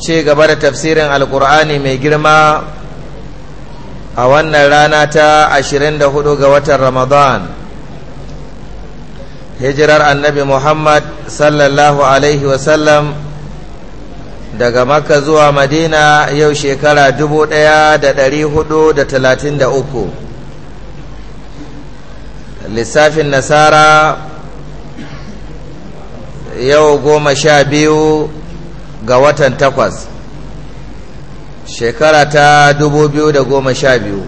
ce gaba da tafsirin alkur'ani mai girma a wannan rana ta 24 ga watan ramadan hijirar annabi muhammad sallallahu alaihi wasallam daga maka zuwa madina yau shekara 1433 lissafin nasara yau goma sha biyu ga watan takwas shekara ta da goma sha biyu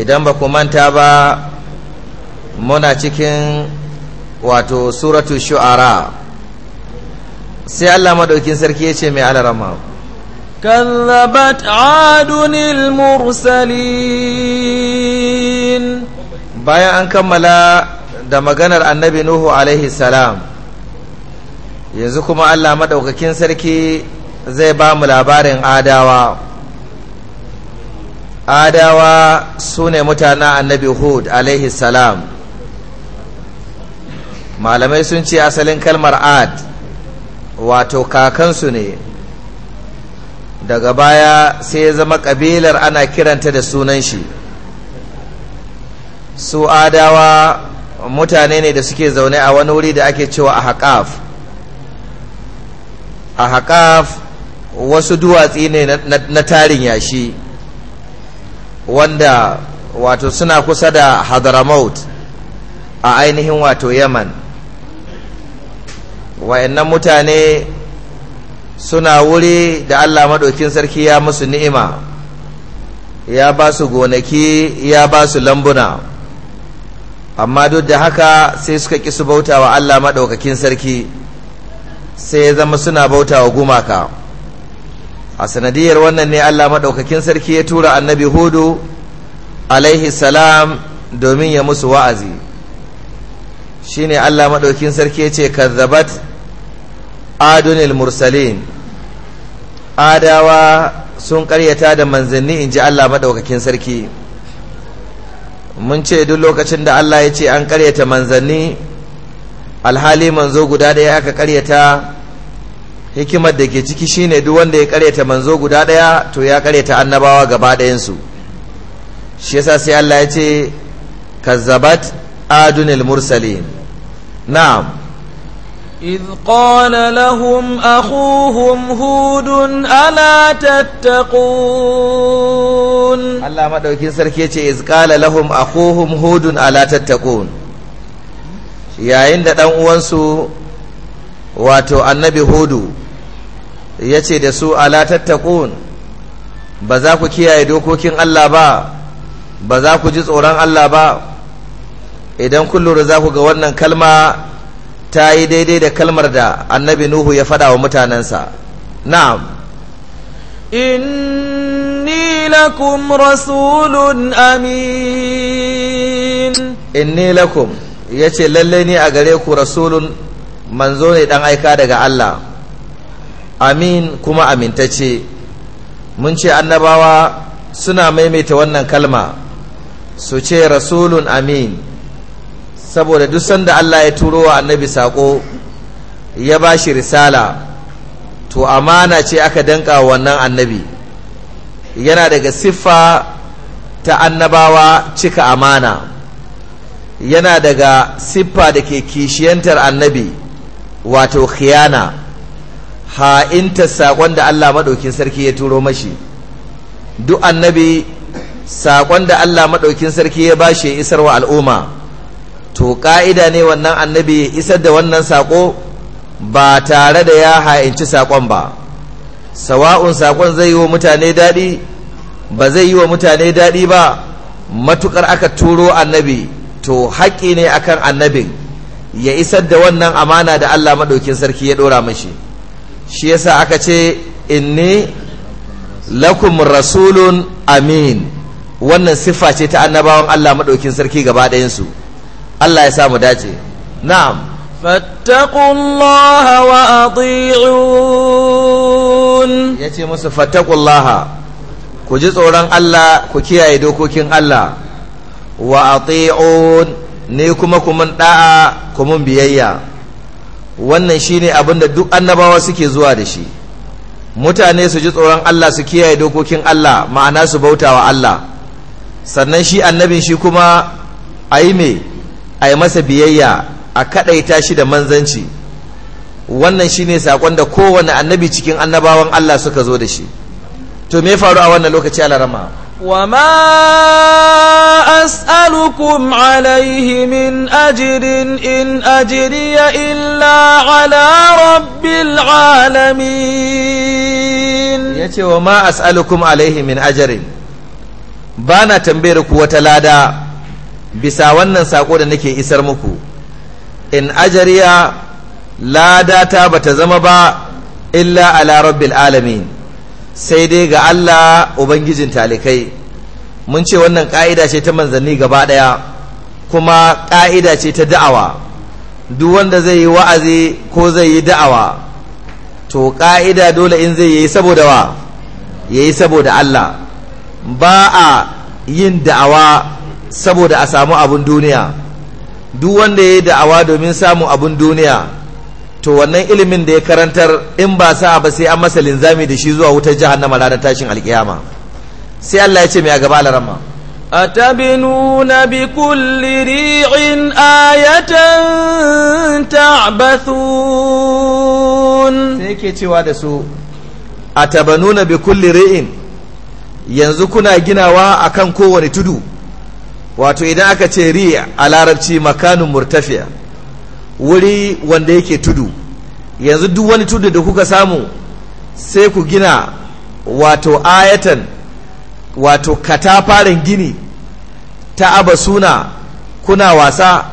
idan ba ku manta ba muna cikin wato suratu shu'ara sai Allah madaukin sarki ya ce mai alarama Kallabat adunil mursalin. bayan an kammala da maganar annabi nuhu alaihi salam yanzu kuma Allah maɗaukakin sarki zai ba mu labarin adawa adawa su ne mutanen annabi hud alaihi salam malamai sun ce asalin kalmar ad wato kakansu ne daga baya sai ya zama ƙabilar ana kiranta da sunan shi su adawa mutane ne da suke zaune a wani wuri da ake cewa a haƙaf a haƙaf wasu duwatsi ne na tarin yashi wanda wato suna kusa da hadramaut a ainihin wato yaman wayannan mutane suna wuri da allah maɗaukin sarki ya musu ni'ima ya ba su gonaki ya ba su lambuna amma duk da haka sai suka ƙi su bauta wa allah maɗaukakin sarki sai ya zama suna bauta wa gumaka a sanadiyar wannan ne Allah maɗaukakin sarki ya tura annabi hudu alaihi salam domin ya musu wa'azi shine Allah maɗaukin sarki ya ce kazzabat adunil mursalin adawa sun karyata da manzanni in ji Allah maɗaukakin sarki mun ce duk lokacin da Allah ya ce an karyata manzanni alhali manzo guda daya aka karyata hikimar da ke ciki shine duk wanda ya karyata manzo guda daya to ya karyata annabawa gaba ɗayansu shi yasa sai Allah ya ce kazzabat adunil mursalin na'am إذ قال لهم أخوهم هود ألا تتقون الله ما دوكين سركيتي إذ قال لهم أخوهم هود ألا تتقون yayin da ɗan uwansu wato annabi hudu ya ce da su ala tattakun ba za ku kiyaye dokokin Allah ba ba za ku ji tsoron Allah ba idan kullum za ku ga wannan kalma ta yi daidai da kalmar da annabi nuhu ya faɗawa wa mutanensa na'am inni lakum rasulun amin inni lakum ya ce lalle ni a gare ku rasulun manzo ne dan aika daga Allah amin kuma amintacce mun ce annabawa suna maimaita wannan kalma su ce rasulun amin saboda duk sanda Allah ya turo wa annabi sako ya ba shi risala to amana ce aka danka wannan annabi yana daga siffa ta annabawa cika amana yana daga siffa da ke kishiyantar annabi wato khiyana ha'inta saƙon da Allah maɗaukin sarki ya turo mashi duk annabi saƙon da Allah maɗaukin sarki ya ba shi ya isar wa al'umma to ƙa'ida ne wannan annabi ya isar da wannan saƙo ba tare da ya ha'inci saƙon ba sawa'un saƙon zai yi wa mutane daɗi ba zai yi wa mutane daɗi ba matuƙar aka turo annabi to haƙƙi ne akan annabin ya isar da wannan amana da Allah maɗaukin sarki ya ɗora mashi shi yasa aka ce inni lakum rasulun amin wannan siffa ce ta annabawan Allah maɗaukin sarki gaba ɗayansu Allah ya sa mu dace na'am فاتقوا الله Ya ce musu fattakullaha. ku ji tsoron Allah ku kiyaye dokokin Allah wa ati'un ne kuma kuma da'a kuma biyayya wannan shine abin da duk annabawa suke zuwa da shi mutane su ji tsoron Allah su kiyaye dokokin Allah ma'ana su bautawa Allah sannan shi annabin shi kuma a yi me a masa biyayya a kaɗaita shi da manzanci wannan shi ne saƙon da kowane annabi cikin annabawan Allah suka zo da shi to me faru a wannan lokaci alarama وما أسألكم عليه من أجر إن أجري إلا على رب العالمين يتي وما أسألكم عليه من أجر بانا تنبيرك وتلادا bisa wannan ساقود نكي إسرمكو إن muku in ajariya lada إلا على رب العالمين sai dai ga Allah ubangijin talikai mun ce wannan ƙa'ida ce ta manzanni gaba daya kuma ƙa'ida ce ta da'awa duk wanda zai yi wa'azi ko zai yi da'awa to ƙa'ida dole in zai yi saboda wa ya yi saboda Allah ba a yin da'awa saboda a samu abun duniya duk wanda ya yi da'awa domin samun abun duniya to wannan ilimin da ya karantar in ba sa ba sai an masa linzami da shi zuwa wutar jahannama ranar tashin alkiyama sai Allah ya ce mai a gaba larama أتبنون بكل ريع آية Sai yake cewa da su atabanuna bi kulli ri'in yanzu kuna ginawa akan kowane tudu wato idan aka ce ri a larabci makanun murtafiya wuri wanda yake tudu yanzu duk wani tudu da kuka samu sai ku gina wato ayatan wato katafaren gini ta aba suna kuna wasa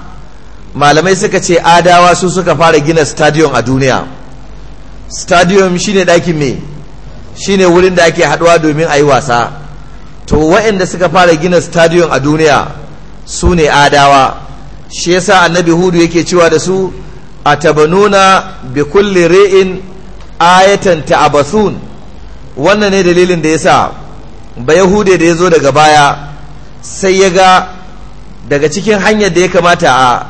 malamai suka ce adawa su suka fara gina stadium a duniya stadium shine ɗakin me shine wurin da ake haduwa domin a yi wasa to waɗanda suka fara gina stadium a duniya su ne adawa shi yasa annabi hudu yake cewa da su a tabanuna bi kulli ri'in ayatan ta'abasun wannan ne dalilin da ya sa ba ya yahude da ya zo daga baya sai ya ga daga cikin hanyar da ya kamata a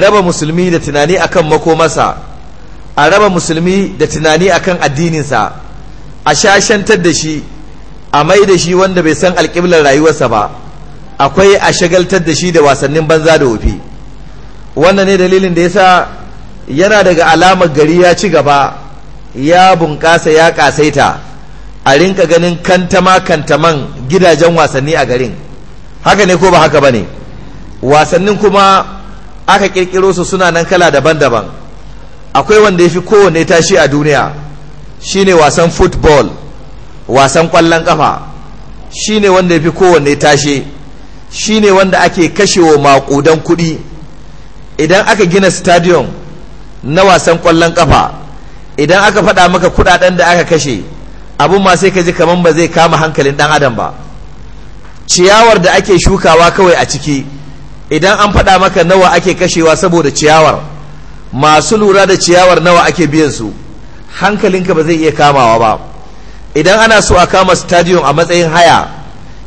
raba musulmi da tunani akan makomarsa a raba musulmi da tunani akan addininsa a shashantar da shi a mai da shi wanda bai san alƙiblar rayuwarsa ba akwai a shagaltar da shi da wasannin banza da wofi wannan ne dalilin da yasa yana daga alamar gari ya ci gaba ya bunƙasa ya ƙasaita a rinka ganin kantama kantaman gidajen wasanni a garin haka ne ko ba haka ba ne wasannin kuma aka kirkiro su suna nan kala daban-daban akwai wanda ya fi kowane tashi a duniya shine wasan football wasan kwallon kafa shine wanda ya fi kowane tashi shine wanda ake kashewa makudan kuɗi idan aka gina stadium na wasan ƙwallon ƙafa idan aka faɗa maka kuɗaɗen da aka kashe abun ma sai ka ji kamar ba zai kama hankalin ɗan adam ba ciyawar da ake shukawa kawai a ciki idan an faɗa maka nawa ake kashewa saboda ciyawar masu lura da ciyawar nawa ake biyan su hankalinka ba zai iya kamawa ba idan ana so a kama stadium a matsayin haya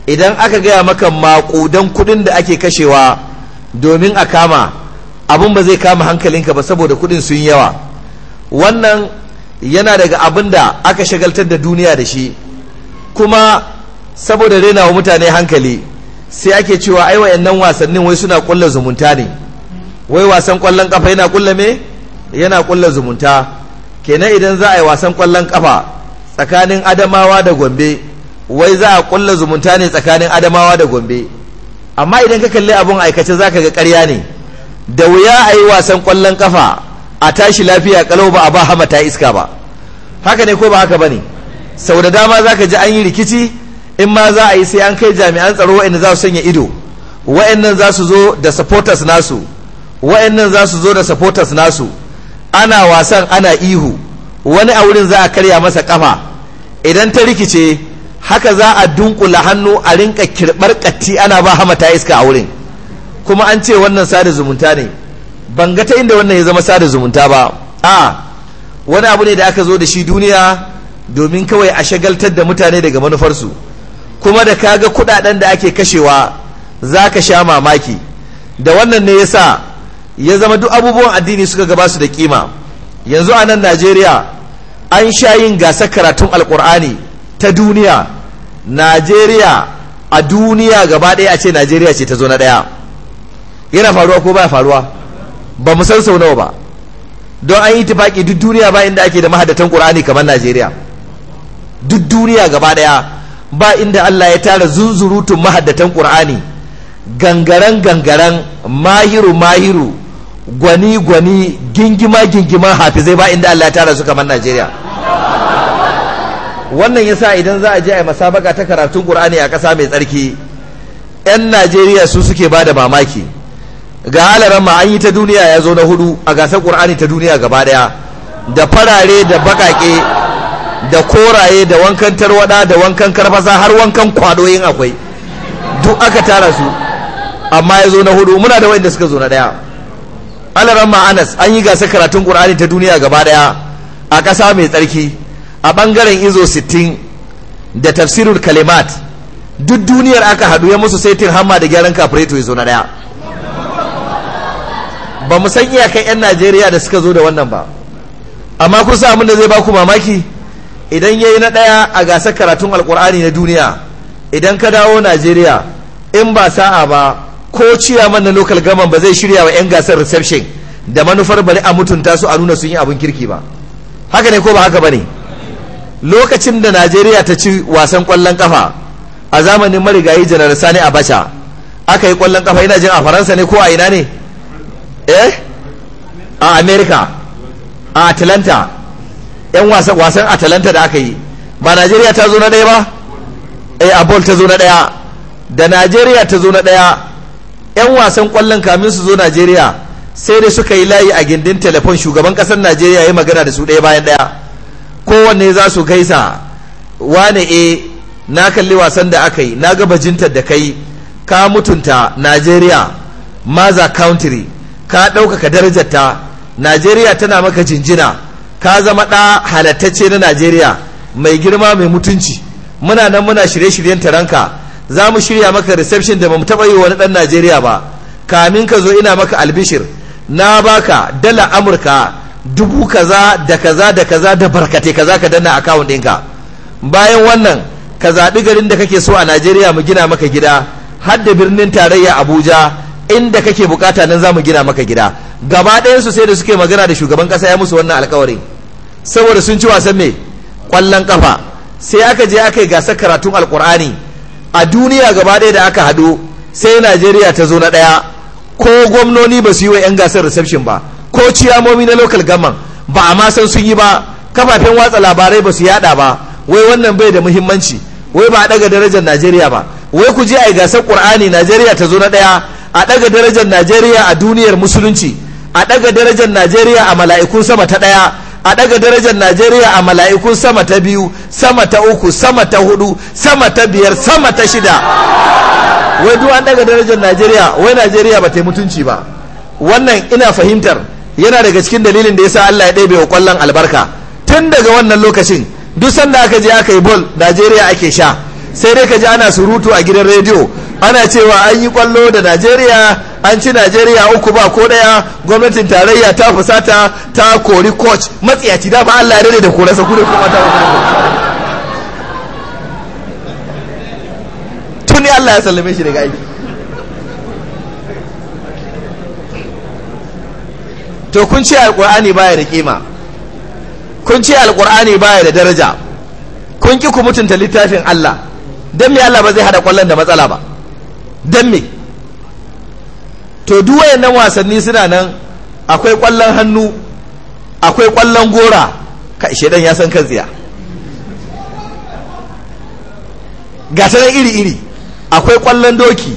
idan aka gaya maka maƙudan kuɗin da ake kashewa domin a kama abin ba zai kama hankalinka ba saboda kuɗin sun yawa wannan yana daga abin da aka shagaltar da duniya da shi kuma saboda rena wa mutane hankali sai ake cewa ai wayannan wasannin wai suna kulla zumunta ne wai wasan kwallon kafa yana kulla me yana kulla zumunta kenan idan za a yi wasan kwallon kafa tsakanin adamawa da gombe wai za a kulla zumunta ne tsakanin adamawa da gombe amma idan ka kalli abun aikace za ka ga ƙarya ne da wuya a yi wasan ƙwallon kafa a tashi lafiya kalau ba a ba hama ta iska ba haka ne ko ba haka ba ne sau da dama za ka ji an yi rikici in ma za a yi sai an kai jami'an tsaro wa'in za su sanya ido wa'in za su zo da supporters nasu wa'in za su zo da supporters nasu ana wasan ana ihu wani a wurin za a karya masa kafa idan ta rikice haka za a dunkula hannu a rinka kirɓar katti ana ba ta iska a wurin kuma an ce wannan sada zumunta ne ban ga ta inda wannan ya zama sada zumunta ba a wani abu ne da aka zo da shi duniya domin kawai a shagaltar da mutane daga manufarsu kuma da kaga kudaden da ake kashewa za ka sha mamaki da wannan ne yasa ya zama duk abubuwan addini suka gaba su da kima yanzu a nan najeriya an sha yin gasar karatun alkur'ani ta duniya najeriya a duniya gaba ɗaya a ce najeriya ce ta zo na daya yana faruwa ko ba faruwa ba mu san sau nawa ba don an yi tufaƙi duk duniya ba inda ake da mahadatan ƙur'ani kamar najeriya duk duniya gaba daya ba inda allah ya tara zunzurutun mahadatan ƙur'ani gangaren gangaren mahiru mahiru gwani gwani gingima gingima hafizai ba inda allah ya tara su kamar najeriya wannan yasa idan za a je a masabaka ta karatun Qur'ani a ƙasa mai tsarki yan Najeriya su suke ba da mamaki ga halaran ma an yi ta duniya ya zo na hudu a gasar Qur'ani ta duniya gaba daya da farare da bakake da koraye da wankan tarwada da wankan karfasa har wankan kwadoyin akwai duk aka tara su amma ya zo na hudu muna da wanda suka zo na daya alaran ma anas an yi gasar karatun Qur'ani ta duniya gaba daya a ƙasa mai tsarki a ɓangaren izo sittin da tafsirul kalimat duk duniyar aka haɗu ya musu sai saitin hamma da gyaran kafireto ya zo na daya ba mu san iyakan 'yan najeriya da suka zo da wannan ba amma kun sa abin da zai baku mamaki idan ya yi na ɗaya a gasar karatun alkur'ani na duniya idan ka dawo najeriya in ba sa'a ba ko ciyaman na lokal gaman ba zai shirya wa 'yan gasar reception da manufar bari a mutunta su a nuna sun yi abin kirki ba haka ne ko ba haka ba ne lokacin da najeriya ta ci wasan kwallon kafa a zamanin marigayi janar sani abacha aka yi kwallon kafa ina jin a faransa ne ko a ina ne eh a america a atlanta yan wasan atlanta da aka yi ba najeriya ta zo na ɗaya ba eh a bol ta zo na ɗaya da najeriya ta zo na ɗaya yan wasan kwallon kamin su zo najeriya sai dai suka yi layi a gindin telefon shugaban ƙasar najeriya ya yi magana da su ɗaya bayan ɗaya kowanne za su gaisa wane e na kalli wasan da aka yi na ga bajintar da kai ka mutunta Najeriya maza country ka ɗaukaka darajarta Najeriya tana maka jinjina ka zama ɗa halattacce na Najeriya mai girma mai mutunci muna nan muna shirye-shiryen taranka za mu shirya maka reception da mu taɓa yi wani ɗan Najeriya ba kamin ka zo ina maka albishir na baka dala Amurka dubu kaza da kaza da kaza da barkate kaza ka danna akawun ka bayan wannan ka zaɓi garin da kake so a najeriya mu gina maka gida har da birnin tarayya abuja inda kake bukata nan za mu gina maka gida gaba su sai da suke magana da shugaban ƙasa ya musu wannan alkawarin saboda sun ci wasan me ƙwallon kafa sai aka je aka yi gasar karatun alƙur'ani a duniya gaba ɗaya da aka haɗu sai najeriya ta zo na ɗaya ko gwamnoni ba su yi wa 'yan gasar reception ba ko ciyamomi na local gaman ba a ma san sun yi ba kafafen watsa labarai ba su yada ba wai wannan bai da muhimmanci wai ba a daga darajar najeriya ba wai ku je a yi gasar qur'ani najeriya ta zo na daya a daga darajar najeriya a duniyar musulunci a daga darajar najeriya a mala'ikun sama ta daya a daga darajar najeriya a mala'ikun sama ta biyu sama ta uku sama ta hudu sama ta biyar sama ta shida wai duk an daga darajar najeriya wai najeriya ba ta yi mutunci ba wannan ina fahimtar yana daga cikin dalilin da yasa Allah ya ɗebe wa kwallon albarka tun daga wannan lokacin duk sanda aka je aka yi bol Najeriya ake sha sai dai ka ji ana surutu a gidan rediyo ana cewa an yi kwallo da Najeriya an ci Najeriya uku ba ko daya gwamnatin tarayya ta fusata ta kori coach matsiyaci da ba Allah ya dade da korasa ku kuma ta tuni Allah ya sallame shi daga aiki to kun ce alkur'ani baya da kima kun ce alkur'ani baya da daraja kun ki ku mutunta littafin Allah dan me Allah ba zai hada kwallon da matsala ba dan me to duk wayannan wasanni suna nan akwai kwallon hannu akwai kwallon gora ishe dan ya san kanziya ga ta iri iri akwai kwallon doki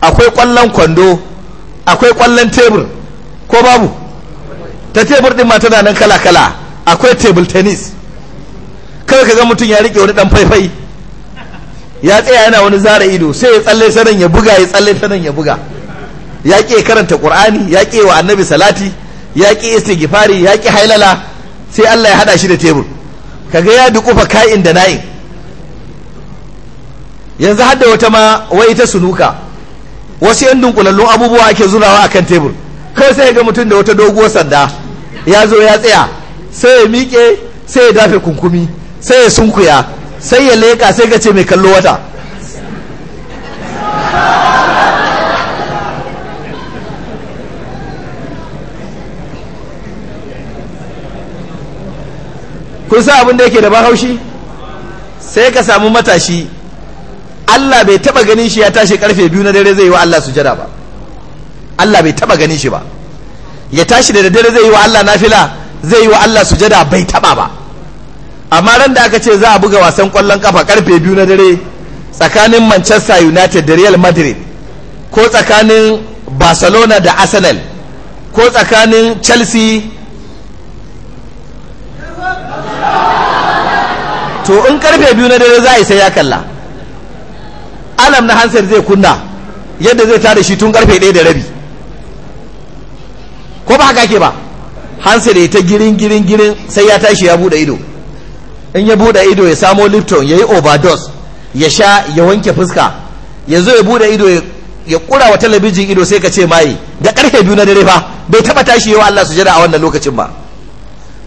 akwai kwallon kwando akwai kwallon tebur ko babu ta tebur ɗin ma tana nan kala kala akwai tebul tennis kawai ka ga mutum ya rike wani dan faifai ya tsaya yana wani zara ido sai ya tsalle sanan ya buga ya tsalle sanan ya buga ya ke karanta qur'ani ya ke wa annabi salati ya ke istighfari ya ke hailala sai Allah ya hada shi da tebur kaga ya dukufa ka'in da na'in yanzu hadda wata ma wai ta sunuka wasu yan dunkulallun abubuwa ake zurawa akan tebur kai sai ga mutum da wata doguwar sanda ya zo ya tsaya sai ya miƙe sai ya dafe kunkumi sai ya sunkuya sai ya leƙa sai ga ce mai kallo wata kun sa abin da yake da bahaushi sai ka samu matashi Allah bai taba ganin shi ya tashi karfe biyu na dare zai yi wa Allah sujada ba Allah bai taba ganin shi ba ya tashi da daddare zai yi wa Allah nafila zai yi wa Allah sujada bai taba ba amma ran da aka ce za a buga wasan kwallon kafa karfe biyu na dare tsakanin Manchester United da Real Madrid ko tsakanin Barcelona da Arsenal ko tsakanin Chelsea to in karfe biyu na dare za a yi sai ya kalla alam na hansar zai kunna yadda zai tada shi tun karfe ɗaya da rabi ko ba haka ke ba hansa da ta girin girin girin sai ya tashi ya bude ido in ya bude ido ya samo lifton ya yi overdose ya sha ya wanke fuska ya zo ya bude ido ya kura wa talabijin ido sai ka ce maye da karfe biyu na dare ba bai taba tashi yawa Allah su jira a wannan lokacin ba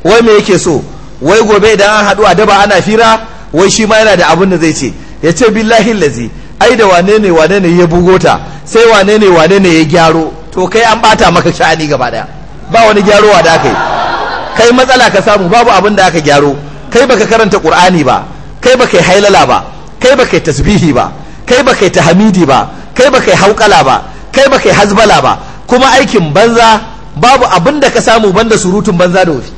wai me yake so wai gobe idan an haɗu a daba ana fira wai shi ma yana da abin da zai ce ya ce billahi lazi ai da wane ne wane ne ya bugo ta sai wane ne wane ne ya gyaro to kai an bata maka sha'ani gaba daya ba wani gyarowa da aka yi kai matsala ka samu babu abin da aka gyaro kai baka karanta qur'ani ba kai baka yi hailala ba kai baka yi tasbihi ba kai baka yi tahmidi ba kai baka yi hauƙala ba kai baka yi hazbala ba kuma aikin banza babu abin da ka samu banda surutun banza da wofi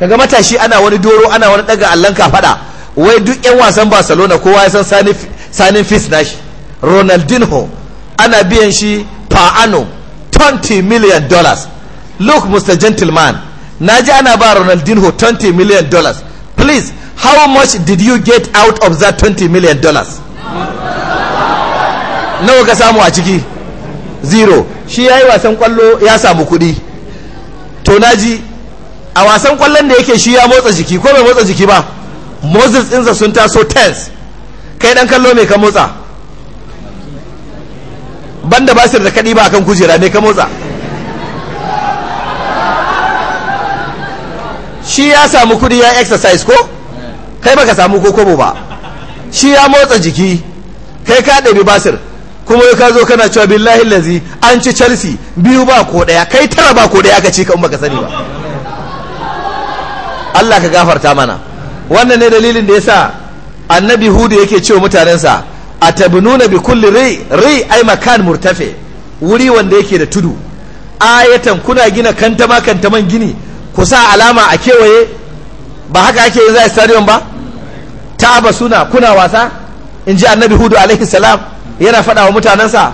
kaga matashi ana wani doro ana wani daga allon ka fada wai duk yan wasan barcelona kowa ya san sanin fis nashi ronaldinho ana biyan shi paano 20 million dollars look mr gentleman na ji ana ba ronaldinho 20 million dollars please how much did you get out of that 20 million dollars nawa ka samu a ciki zero shi ya yi wasan kwallo ya samu kudi to na ji a wasan kwallon da yake shi ya motsa jiki ko bai motsa jiki ba moses ɗinsa sun taso tens kai dan kallo mai ka motsa banda basir da kaɗi ba akan kujera ne ka motsa shi ya samu kudi ya exercise ko kai baka samu kokobo ba shi ya motsa jiki kai ka dabi basir kuma ka zo kana cewa billahi lazi an ci chelsea biyu ba ko daya kai tara ba ko daya ka ci umma baka sani ba Allah ka gafarta mana wannan ne dalilin da yasa annabi hudu yake cewa mutanensa a tabinuna bi kulli rai rai ai makan murtafe wuri wanda yake da tudu ayatan kuna gina kantama kantaman gini ku sa alama a kewaye ba haka ake yin za a stadium ba ta suna kuna wasa in ji annabi hudu alaihi salam yana faɗa wa mutanensa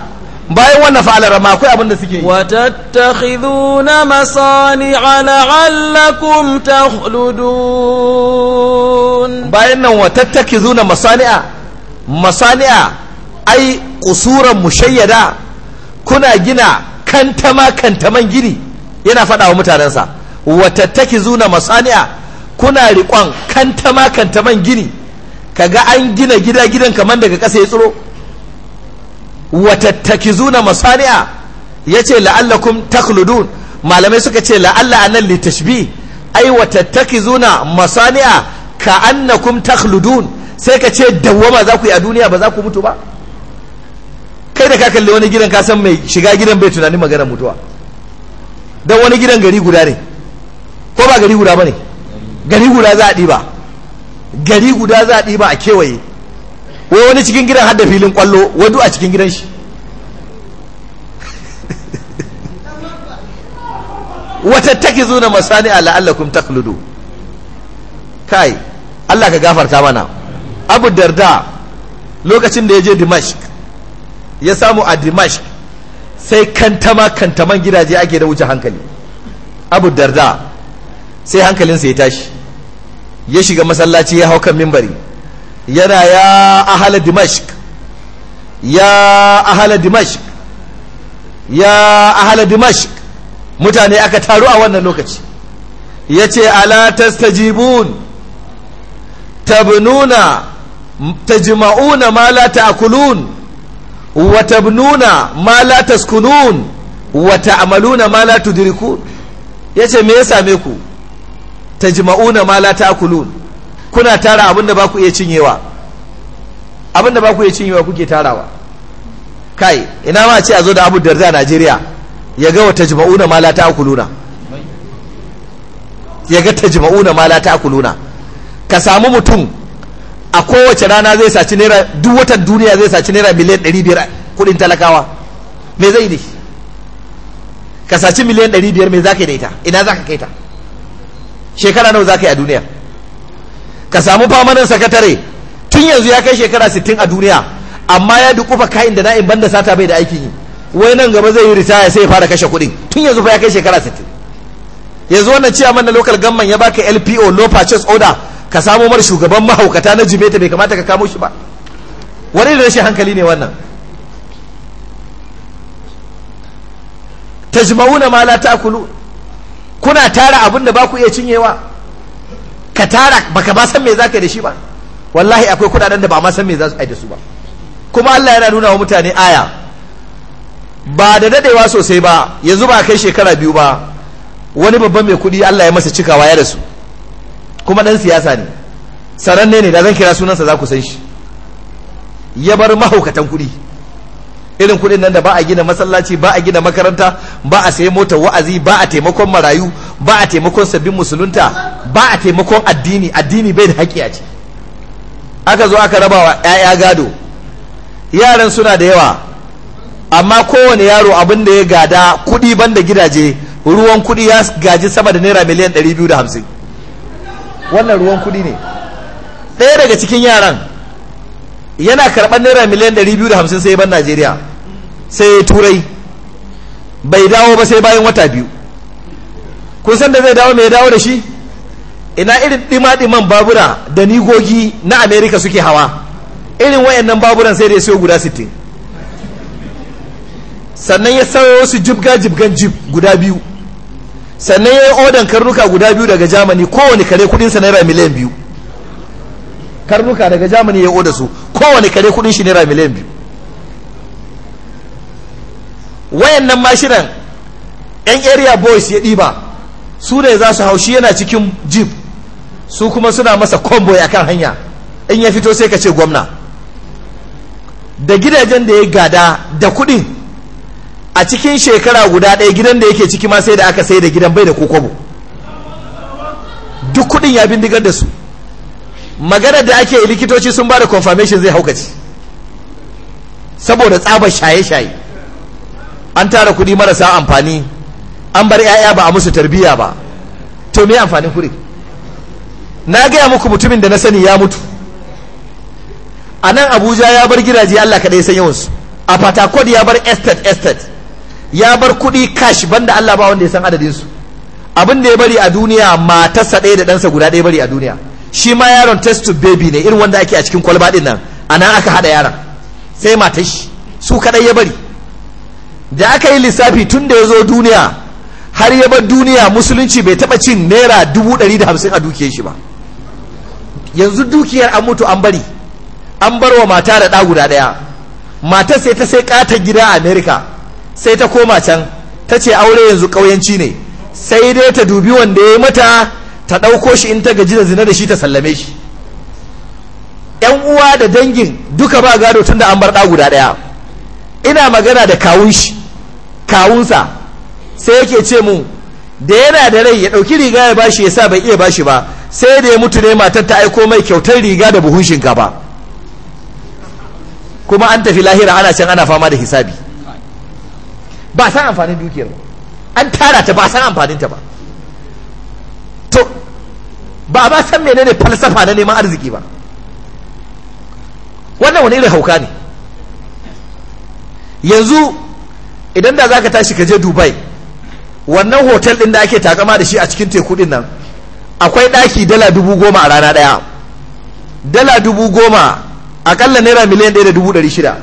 bayan wannan fa'alar ma akwai abin da suke watattakhiduna masani'a la'allakum tahludun bayan nan tattakhiduna masani'a masani'a ai kusuran shayyada kuna gina kantama kantaman gini yana faɗa wa mutanensa watattaki zuna masani'a kuna riƙon kantama kantaman gini kaga an gina gida gidan kamar daga ƙasa ya tsiro watattaki zuna masani'a ya ce la'allakum takludun malamai suka ce la'alla anan litashbi ai watattaki zuna masani'a ka annakum takludun sai ka ce dawwama za ku yi a duniya ba za ku mutu ba kai da ka kalli wani gidan ka san mai shiga gidan bai tunanin magana mutuwa don wani gidan gari guda ne ko ba gari guda ba ne gari guda za a ɗiba gari guda za a ɗiba a kewaye wai wani cikin gidan hada filin kwallo wadu a cikin gidan shi wata take zuna masani ala takludu kai Allah ka gafarta mana abu darda lokacin da ya je Dimash ya samu a Dimash sai kantama kantaman gidaje ake da wuce hankali abu darda sai hankalinsa ya tashi ya shiga masallaci ya hau kan mimbari yana ya ahala Dimash ya ahala Dimash ya ahala Dimash mutane aka taru a wannan lokaci ya ce ala tastajibun tabnuna tajma'una ma la ta'kulun wa tabnuna ma la taskunun wa ta'maluna ma la tudrikun yace me ya same ku tajma'una ma la ta'kulun kuna tara abinda ba ku iya cinyewa abinda ba ku iya cinyewa kuke tarawa kai ina ma ce a zo da Abu Darda a Najeriya ya ga wa tajma'una ma la ta'kuluna ya ga tajma'una ma la ta'kuluna ka samu mutum a kowace rana zai saci naira duk watan duniya zai saci naira miliyan 500 kudin talakawa me zai yi ka saci miliyan 500 me za ka yi da ita ina za ka kai ta shekara nawa za ka yi a duniya ka samu famanin sakatare tun yanzu ya kai shekara 60 a duniya amma ya dukufa kayan da na'in banda sata bai da aikin yi wai nan gaba zai yi ritaya sai ya fara kashe kudin tun yanzu fa ya kai shekara 60 yanzu wannan ciyaman na local government ya baka LPO low purchase order ka samo mar shugaban mahaukata na jimeta bai kamata ka kamo shi ba wani da rashin hankali ne wannan tajma'una ma la ta'kulu kuna tara abin da ba iya cinyewa ka tara baka ba san me zaka da shi ba wallahi akwai kudaden da ba ma san me za su aida su ba kuma Allah yana nuna wa mutane aya ba da dadewa sosai ba yanzu ba kai shekara biyu ba wani babban mai kuɗi Allah ya masa cikawa ya rasu kuma ɗan siyasa ne sananne ne da zan kira sunansa za ku san shi ya bar mahaukatan kuɗi irin kuɗin nan da ba a gina masallaci ba a gina makaranta ba a sayi motar wa'azi ba a taimakon marayu ba a taimakon sabbin musulunta ba a taimakon addini addini bai da haƙƙi a ce aka zo aka raba wa 'ya'ya gado yaran suna da yawa amma kowane yaro abin da ya gada kuɗi banda gidaje ruwan kudi ya gaji sama da naira miliyan 250 wannan ruwan kudi ne ɗaya daga cikin yaran yana karɓar naira miliyan 250 sai ban najeriya sai turai bai dawo ba sai bayan wata biyu kun san da zai dawo mai dawo da shi ina irin ɗima-ɗiman babura da nigogi na amerika suke hawa irin wayannan baburan sai da ya siyo guda 60 sannan ya sayo su jibga-jibgan jib guda biyu sannan ya yi odan karnuka guda biyu daga jamani kowane kare kudinsa naira miliyan biyu karnuka daga jamani ya yi oda su kowane kare kudin shi naira miliyan biyu wayannan mashinan yan area boys ya ɗiba su ne za su haushi yana cikin jeep su kuma suna masa convoy akan hanya in ya fito sai ka ce gwamna da gidajen da ya gada da kudin a cikin shekara guda ɗaya gidan da yake ciki ma sai da aka sai da gidan bai da kokobo duk kudin ya bindigar da su maganar da ake likitoci sun ba da confirmation zai haukaci saboda tsabar shaye-shaye an tara kudi marasa amfani an bar 'ya'ya ba a musu tarbiyya ba to me amfanin kure na gaya muku mutumin da na sani ya mutu a nan abuja ya bar gidaje allah kaɗai san yawansu a patakod ya bar estate estate ya bar kuɗi cash banda Allah ba wanda ya san adadin su abin da ya bari a duniya matarsa ɗaya da ɗansa guda ɗaya bari a duniya shi ma yaron test to baby ne irin wanda ake a cikin kwalba ɗin nan a nan aka haɗa yaron sai matar shi su kaɗai ya bari da aka yi lissafi tun da ya zo duniya har ya bar duniya musulunci bai taɓa cin naira dubu ɗari da hamsin a dukiyar shi ba yanzu dukiyar an mutu an bari an bar wa mata da ɗa guda ɗaya matar sai ta sai ƙatar gida a america sai ta koma can ta ce aure yanzu ƙauyenci ne sai dai ta dubi wanda ya yi mata ta ɗauko shi in ta gaji da zina da shi ta sallame shi yan uwa da dangin duka ba gado tun da an bar ɗa guda ɗaya ina magana da kawun shi kawunsa sai yake ce mu da yana da rai ya ɗauki riga ya bashi ya sa bai iya bashi ba sai da ya mutu ne matar ta aiko mai kyautar riga da buhun shinkafa kuma an tafi lahira ana can ana fama da hisabi ba san amfanin dukiyar ba an tara ta ba san amfanin ta ba to ba ba san menene falsafa na neman arziki ba wannan wani irin hauka ne yanzu idan da za ka tashi ka je dubai wannan hotel din da ake takama da shi a cikin teku din nan akwai ɗaki dala dubu goma a rana ɗaya dala dubu goma akalla naira miliyan ɗaya da dubu ɗari shida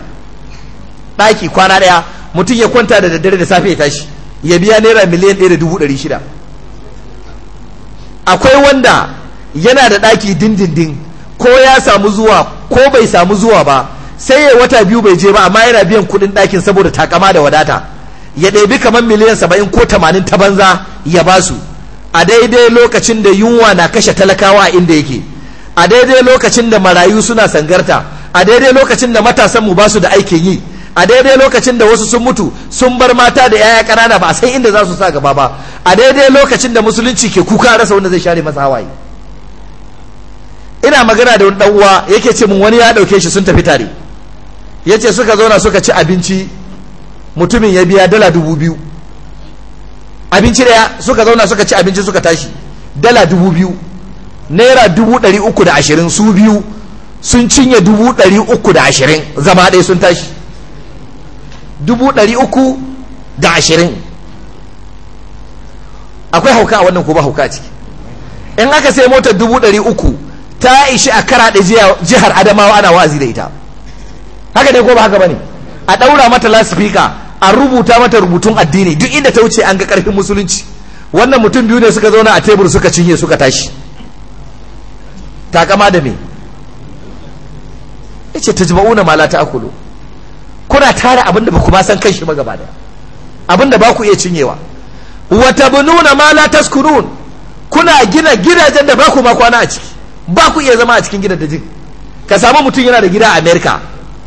ɗaki kwana ɗaya mutum ya kwanta da daddare da safe ya tashi ya biya naira miliyan ɗaya da dubu ɗari shida akwai wanda yana da ɗaki dindindin ko ya samu zuwa ko bai samu zuwa ba sai ya wata biyu bai je ba amma yana biyan kuɗin ɗakin saboda takama da wadata ya ɗebi kamar miliyan saba'in ko tamanin ta banza ya ba su a daidai lokacin da yunwa na kashe talakawa a inda yake a daidai lokacin da marayu suna sangarta a daidai lokacin da matasanmu ba su da aikin yi a daidai lokacin da wasu sun mutu sun bar mata da yaya ƙanana ba a san inda za su sa gaba ba a daidai lokacin da musulunci ke kuka rasa wanda zai share masa hawaye ina magana da wani uwa yake ce mun wani ya ɗauke shi sun tafi tare ya ce suka zauna suka ci abinci mutumin ya biya dala dubu biyu abinci ɗaya suka zauna suka ci abinci suka tashi dala dubu biyu naira dubu ɗari uku da ashirin su biyu sun cinye dubu ɗari uku da ashirin zama ɗaya sun tashi dubu ɗari uku da ashirin akwai hauka a wannan ko ba hauka a ciki in aka sai motar dubu ɗari uku ta ishi a karaɗe jihar adamawa ana wa'azi da ita haka ne ko ba haka ba ne a ɗaura mata lasifika a rubuta mata rubutun addini duk inda ta wuce an ga ƙarfin musulunci wannan mutum biyu ne suka zauna a tebur suka cinye suka tashi takama da me ita ta jima'una ma la akulu. kuna tara abinda ba kuma san kanshi ba gaba daya abinda ba ku iya cinyewa wa bununa ma la taskunun kuna gina gidajen da ba ku ma kwana a ciki ba ku iya zama a cikin gidajen ka samu mutum yana da gida a America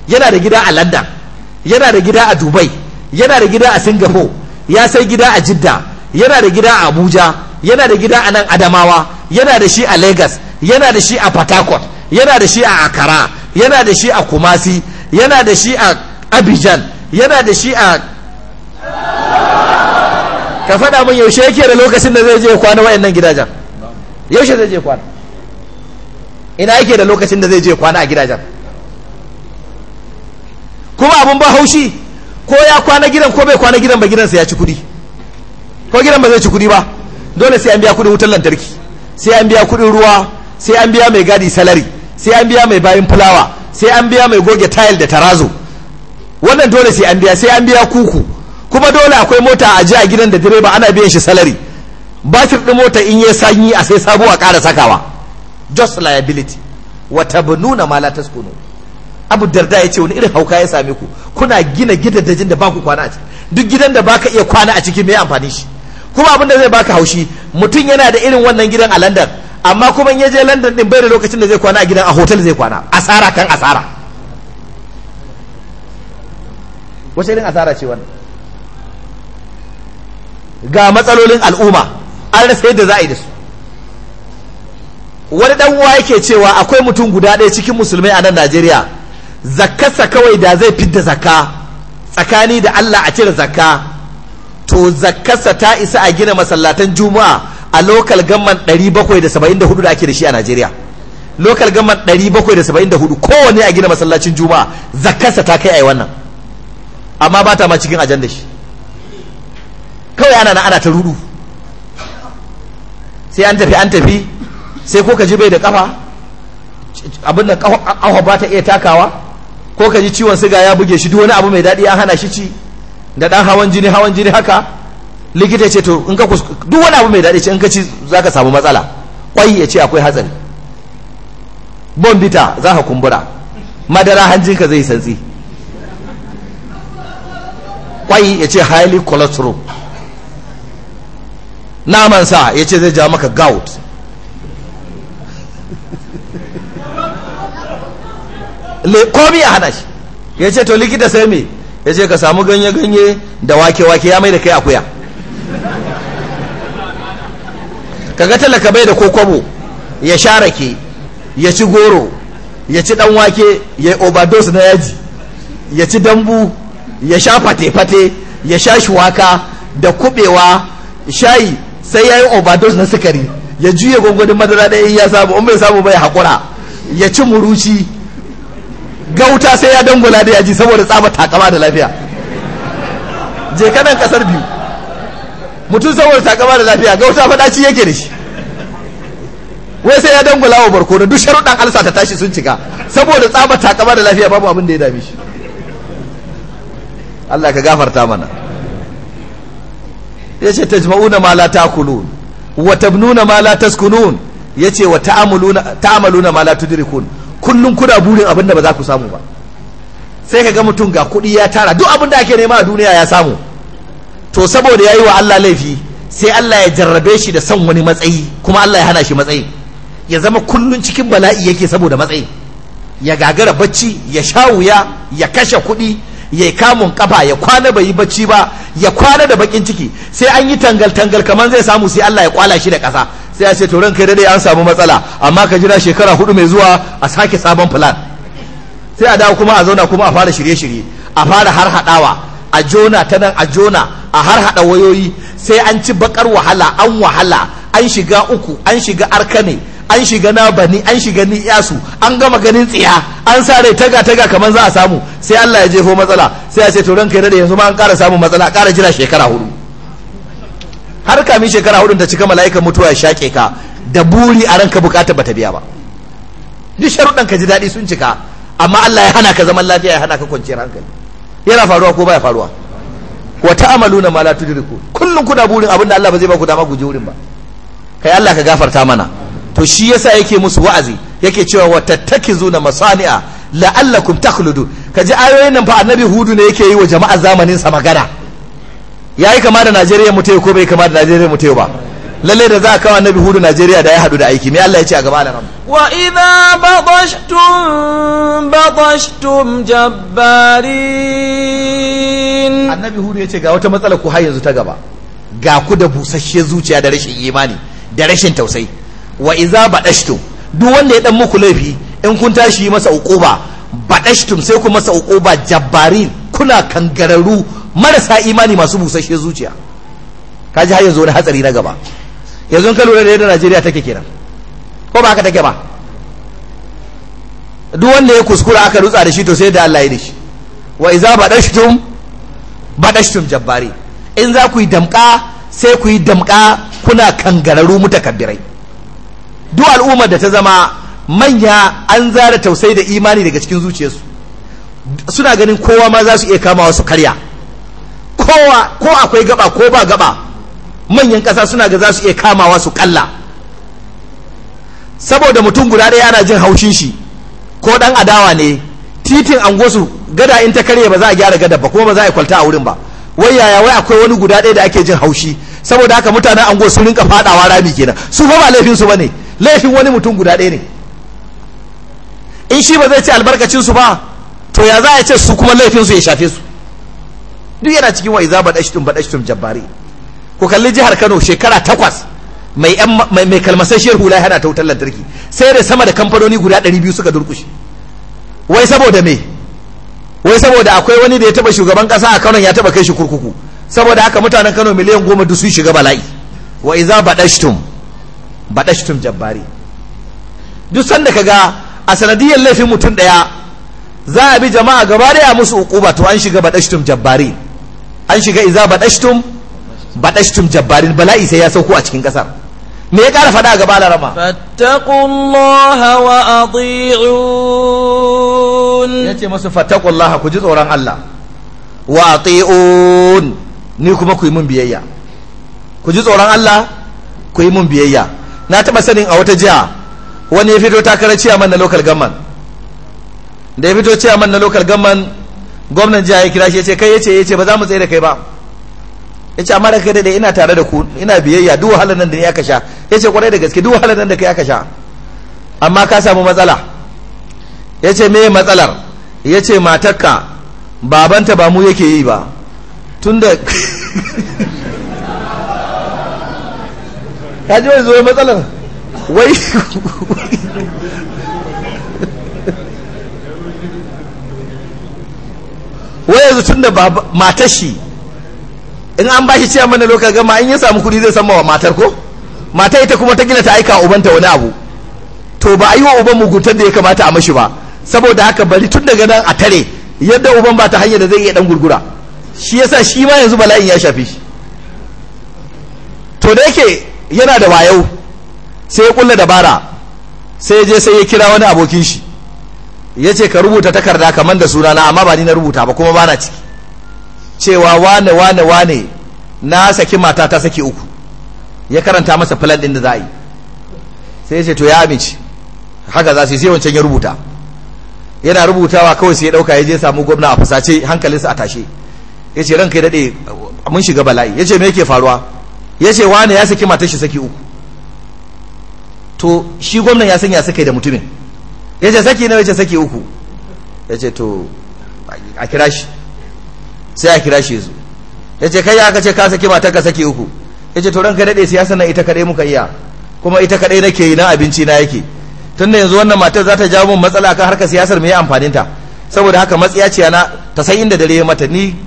yana da gida a London yana da gida a Dubai yana da gida a Singapore ya sai gida a Jidda yana da gida a Abuja yana da gida a nan Adamawa yana da shi a Lagos yana da shi a Port yana da shi a Akara yana da shi a Kumasi yana da shi a abijan yana da shi a ka faɗa min yaushe yake da lokacin da zai je kwana wa'annan gidajen yaushe zai je kwana ina yake da lokacin da zai je kwana a gidajen kuma abin ba haushi ko ya kwana gidan ko bai kwana gidan ba gidansa ya ci kudi ko gidan ba zai ci kudi ba dole sai an biya kudin wutar lantarki sai an biya kudin ruwa sai an biya mai gadi salari sai an biya mai bayan fulawa sai an biya mai goge tayil da tarazo wannan dole sai an biya sai an biya kuku kuma dole akwai mota a a gidan da direba ana biyan shi salari shi din mota in ya sanyi a sai sabo ƙara sakawa just liability wata nuna ma la taskunu abu darda ya ce wani irin hauka ya same ku kuna gina gidajen da ba ku kwana a ciki duk gidan da baka iya kwana a ciki mai amfani shi kuma abin da zai baka haushi mutum yana da irin wannan gidan a london amma kuma in ya je london din bai da lokacin da zai kwana a gidan a hotel zai kwana asara kan asara wasu irin asara ce wannan ga matsalolin al'umma an rasa yadda za a yi da su wani dan uwa yake cewa akwai mutum guda ɗaya cikin musulmai a nan Najeriya zakkarsa kawai da zai fidda zakka tsakani da Allah a cire zakka to zakkarsa ta isa a gina masallatan juma'a a lokal gamman 774 da ake da shi a Najeriya lokal gamman 774 kowanne a gina masallacin juma'a zakkarsa ta kai a ai wannan amma ba ta ma cikin ajandar shi kawai ana na ana ta rudu sai an tafi an tafi sai ko ka ji bai da kafa abin da kafa ba ta iya takawa ko ka ji ciwon siga ya buge shi duk wani abu mai daɗi an hana shi ci da ɗan hawan jini hawan jini haka likita ce to in ka duk wani abu mai daɗi ce in ka ci za ka samu matsala kwai ya ce akwai hatsari bombita za ka kumbura madara hanjinka zai santsi kwai ya ce highly cholesterol naman sa ya ce zai ja maka gout komi a hana shi ya ce to likita sai me ya ce ka samu ganye-ganye da wake-wake ya mai da kai akuya kaga talaka bai da kokobo ya sha rake ya ci goro ya ci dan wake ya overdose na yaji ya ci dambu ya sha fate-fate ya sha shuwaka da kubewa shayi sai ya yi overdose na sukari ya juya gwangwanin madara da ya samu in bai samu bai haƙura ya ci muruci gauta sai ya dangula da yaji saboda tsaba takama da lafiya je kanan kasar biyu mutum saboda takama da lafiya gauta faɗaci yake da shi wai sai ya dangula wa barkonu duk sharuɗan alsa ta tashi sun cika saboda tsaba takama da lafiya babu abin da ya dame shi Allah ka gafarta mana Ya yace tajma'una ma la taakulun wa tabnuna ma la ya ce, wa ta'amuluna ta'amaluna ma la dirikun kullum kuna burin abinda ba za ku samu ba sai ka ga mutum ga kuɗi ya tara duk abin da ake nema a duniya ya samu to saboda ya yi wa Allah laifi sai Allah ya jarrabe shi da son wani matsayi kuma Allah ya hana shi matsayi ya zama kullum cikin bala'i yake saboda matsayi ya gagara bacci ya sha wuya ya kashe kuɗi ya kamun kafa ya kwana bai yi bacci ba ya kwana da bakin ciki sai an yi tangal tangal kamar zai samu sai Allah ya kwala shi da kasa sai ya ce to ranka dai an samu matsala amma ka jira shekara hudu mai zuwa a sake sabon plan sai a dawo kuma a zauna kuma a fara shirye shirye a fara har hadawa a jona ta nan a jona a har hada wayoyi sai an ci bakar wahala an wahala an shiga uku an shiga arkane an shiga na bani an shiga ni yasu an gama ganin tsiya an sa rai taga taga kamar za a samu sai Allah ya jefo matsala sai ya ce to ranka da yanzu ma an ƙara samun matsala ƙara jira shekara hudu har kamin shekara hudun ta cika mala'ikan mutuwa ya shaƙe ka da buri a ranka bukata bata biya ba duk sharuɗan ka ji daɗi sun cika amma Allah ya hana ka zaman lafiya ya hana ka kwanciyar hankali yana faruwa ko baya faruwa wa ta'amaluna ma la tudriku kullum kuna burin abinda Allah ba zai ba ku dama ku ji wurin ba kai Allah ka gafarta mana to shi yasa yake musu wa'azi yake cewa wa na masani'a la'allakum takhludu kaji ayoyin nan fa annabi hudu ne yake yi wa jama'a zamanin sa magana yayi kama da Najeriya mutai ko bai kama da Najeriya mutai ba lalle da za a kawo annabi hudu Najeriya da ya hadu da aiki me Allah ya ce a gaba alaram wa idha badashtum badashtum jabbarin annabi hudu ya ce ga wata matsala ku har yanzu ta gaba ga ku da busasshe zuciya da rashin imani da rashin tausayi wa iza badashtum duk wanda ya dan muku laifi in kun tashi masa uquba badashtum sai ku masa uquba jabbarin kuna kangararu marasa imani masu busashe zuciya kaji har yanzu wani hatsari na gaba yanzu ka lura da yadda Najeriya take kenan ko ba haka take ba duk wanda ya kuskura aka rutsa da shi to sai da Allah ya dishi wa iza badashtum badashtum jabbari in za ku yi damka sai ku yi damka kuna kangararu mutakabbirai duk al'ummar da ta zama manya an zara tausayi da imani daga cikin zuciyarsu suna ganin kowa ma za su iya kama wasu karya kowa ko akwai gaba ko ba gaba manyan ƙasa suna ga za su iya kamawa su kalla saboda mutum guda ɗaya ana jin haushin shi ko ɗan adawa ne titin gosu gada in ta karye ba za a gyara gada ba kuma ba za a kwalta a wurin ba wai yaya wai akwai wani guda ɗaya da ake jin haushi saboda haka mutanen ango sun rinka faɗawa rami kenan su fa ba laifin su ne. laifin wani mutum guda ɗaya ne in shi ba zai ce albarkacin su ba to ya za a ce su kuma laifinsu ya shafe su duk yana cikin wa iza badashtum badashtum jabbari ku kalli jihar Kano shekara takwas mai mai, kalmasasshiyar hula hana ta wutar lantarki sai da sama da kamfanoni guda biyu suka durkushe wai saboda me wai saboda akwai wani da ya taba shugaban ƙasa a Kano ya taba kai shi kurkuku saboda haka mutanen Kano miliyan goma duk sun shiga bala'i wa iza badashtum baɗashtun jabbari duk sanda ka ga a sanadiyar laifin mutum daya za a bi jama'a gaba daya musu ukuba to an shiga baɗashtun jabbari an shiga iza baɗashtun baɗashtun jabbari bala'i sai ya sauko a cikin ƙasar me ya kara faɗa gaba da rama fattaqullaha wa ya yace masu fattakullaha ku ji tsoron Allah wa ati'un ni kuma ku yi mun biyayya ku ji tsoron Allah ku yi mun biyayya na taɓa sanin a wata jiha wani ya fito takarar ciyaman na local gamman da ya fito ciyaman na local gamman gwamnan jiha ya kira shi ya ce kai ya ce ya ce ba za mu tsaye da kai ba ya ce amma da kai daidai ina tare da ku ina biyayya duk wahalar nan da ni aka sha ya ce kwarai da gaske duk wahalar nan da kai aka sha amma ka samu matsala ya ce me matsalar ya ce matarka babanta ba mu yake yi ba tunda ka ji wai zo matsalar wai wai yanzu tun da matar shi in an ba shi ciyar mana lokacin gama in ya samu kudi zai sama wa matar ko mata ita kuma ta gina ta aika ubanta wani abu to ba a yi wa uban muguntar da ya kamata a mashi ba saboda haka bari tun daga nan a tare yadda uban ba ta hanyar da zai iya dan gurgura shi yasa shi ma yanzu bala'in ya shafi shi to da yake yana da wayo sai ya kulla dabara sai ya je sai ya kira wani abokin shi ya ce ka rubuta takarda kamar da sunana amma ba ni na rubuta ba kuma bana ciki cewa wane wane wane na saki mata ta saki uku ya karanta masa plan din da za a yi sai ya ce to ya amince haka za su yi sai wancan ya rubuta yana rubutawa kawai sai ya dauka ya je samu gwamna a fusace hankalinsa a tashe ya ce ranka ya dade mun shiga bala'i ya ce me yake faruwa ya ce wane ya saki matar shi saki uku to shi gwamnan ya sanya sakai da mutumin ya ce saki na ya ce saki uku ya ce to a kira shi sai a kira shi yanzu ya ce kai aka ce ka saki matar ka saki uku ya ce to ranka daɗe siyasa na ita kaɗai muka iya kuma ita kaɗai nake yi na abinci na yake tun da yanzu wannan matar za ta jawo min matsala kan harkar siyasar mai amfaninta saboda haka matsiya ce na ta san inda dare mata ni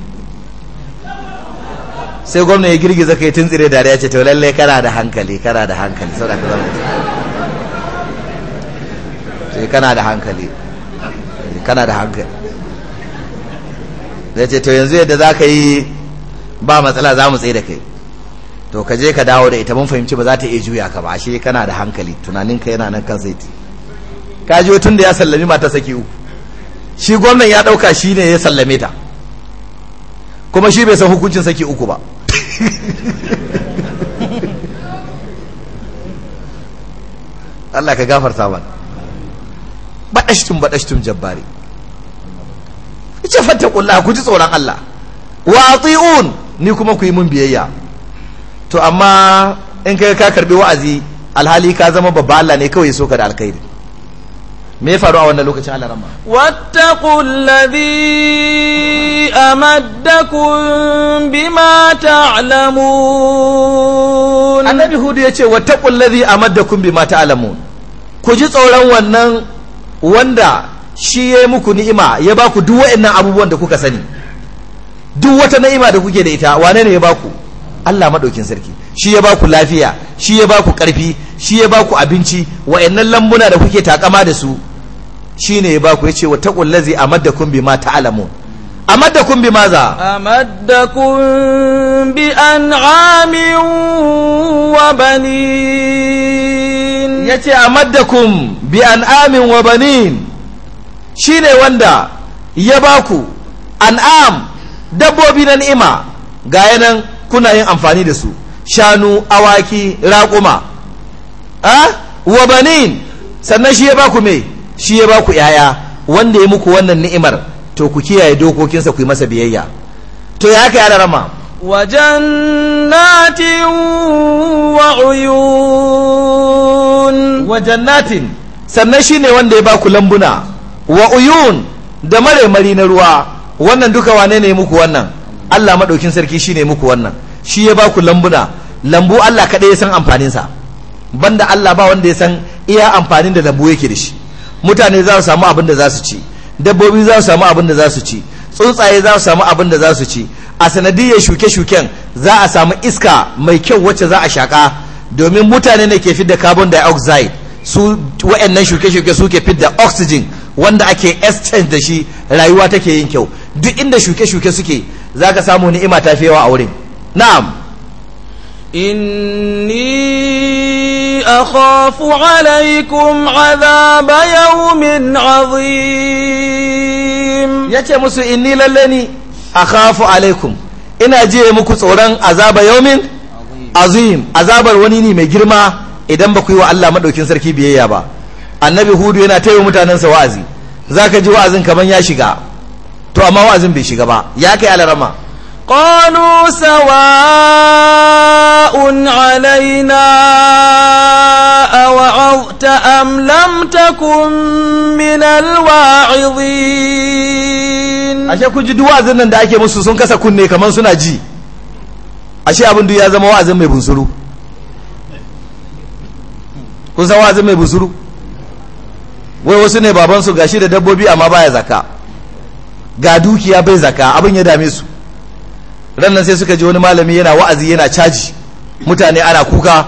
sai gwamna ya girgiza kai tun tsire dariya ce to lalle kana da hankali kana da hankali sau da ka zama sai eh, kana da hankali eh, kana da hankali zai ce to yanzu yadda za ka yi ba matsala za mu tsaye da kai to ka je ka dawo da ita mun fahimci ba za ta iya juya ka ba ashe kana da hankali tunaninka yana nan kan zaiti ka ji tun da ya sallami mata saki uku shi gwamnan ya ɗauka shi ne ya sallame ta kuma shi bai san hukuncin saki uku ba Allah ka gafarta ba baɗashtun baɗashtun jabbari ce ƙulla ku ji tsoron Allah wa ati'un ni kuma ku yi mun biyayya to amma in kai ka karɓi wa'azi alhali ka zama babba Allah ne kawai so ka da alkhairi me faru a wannan lokacin alarama wattaqul ladhi amaddakum bima ta'lamun annabi hudu yace wattaqul ladhi amaddakum bima ta'lamun ku ji tsoron wannan wanda shi ya muku ni'ima ya baku duk wa'annan abubuwan da kuka sani duk wata ni'ima da kuke da ita wane ne ya baku Allah maɗaukin sarki shi ya baku lafiya shi ya baku karfi shi ya baku abinci wa'annan lambuna da kuke takama da su shine ya baku yace wa taqul ladzi amaddakum bima ta'lamun amaddakum bima za amaddakum bi an'amin wa banin yace amaddakum bi an'amin wa banin shine wanda ya ba an an'am dabbobi na ni'ima ga yanan kuna yin amfani da su shanu awaki raƙuma a ah? wa sannan shi ya ba ku me shi ya ba ku yaya wanda ya muku wannan ni'imar to ku kiyaye dokokinsa ku yi masa biyayya to ya haka ya rama wa jannatin wa uyun wa jannatin sannan ne wanda ya ba ku lambuna wa uyun da maremari na ruwa wannan duka wane ne muku wannan Allah maɗaukin sarki shi ne muku wannan shi ya ba ku lambuna lambu Allah kaɗai ya san amfaninsa banda Allah ba wanda ya san iya amfanin da lambu yake da shi mutane za su samu abin da za su ci dabbobi za su samu abin da za su ci tsuntsaye za su samu abin da za su ci a sanadiyar shuke-shuken za a samu iska mai kyau wacce za a shaka domin mutane ne ke fidda carbon dioxide su wa'annan shuke-shuke suke fidda oxygen wanda ake exchange da shi rayuwa take yin kyau duk inda shuke-shuke suke za ka samu ni'ima ta fi yawa a wurin na'am inni أخاف عليكم عذاب يوم عظيم يتي مسو إني للني أخاف عليكم ina je muku tsoron azaba yaumin azim azabar wani ne mai girma idan ba ku yi wa Allah madaukin sarki biyayya ba annabi hudu yana taya mutanensa wa'azi zaka ji wa'azin kaman ya shiga to amma wa'azin bai shiga ba ya kai alarama قالوا سواء علينا أوعظت أم لم تكن من الواعظين ashe kun ji duk wa'azin nan da ake musu sun kasa kunne kamar suna ji ashe abin duk ya zama wa'azin mai bunsuru kun wa'azin mai bunsuru wai wasu ne babansu gashi da dabbobi amma baya zaka ga dukiya bai zaka abin ya dame su rannan sai suka ji wani malami yana wa'azi yana caji mutane ana kuka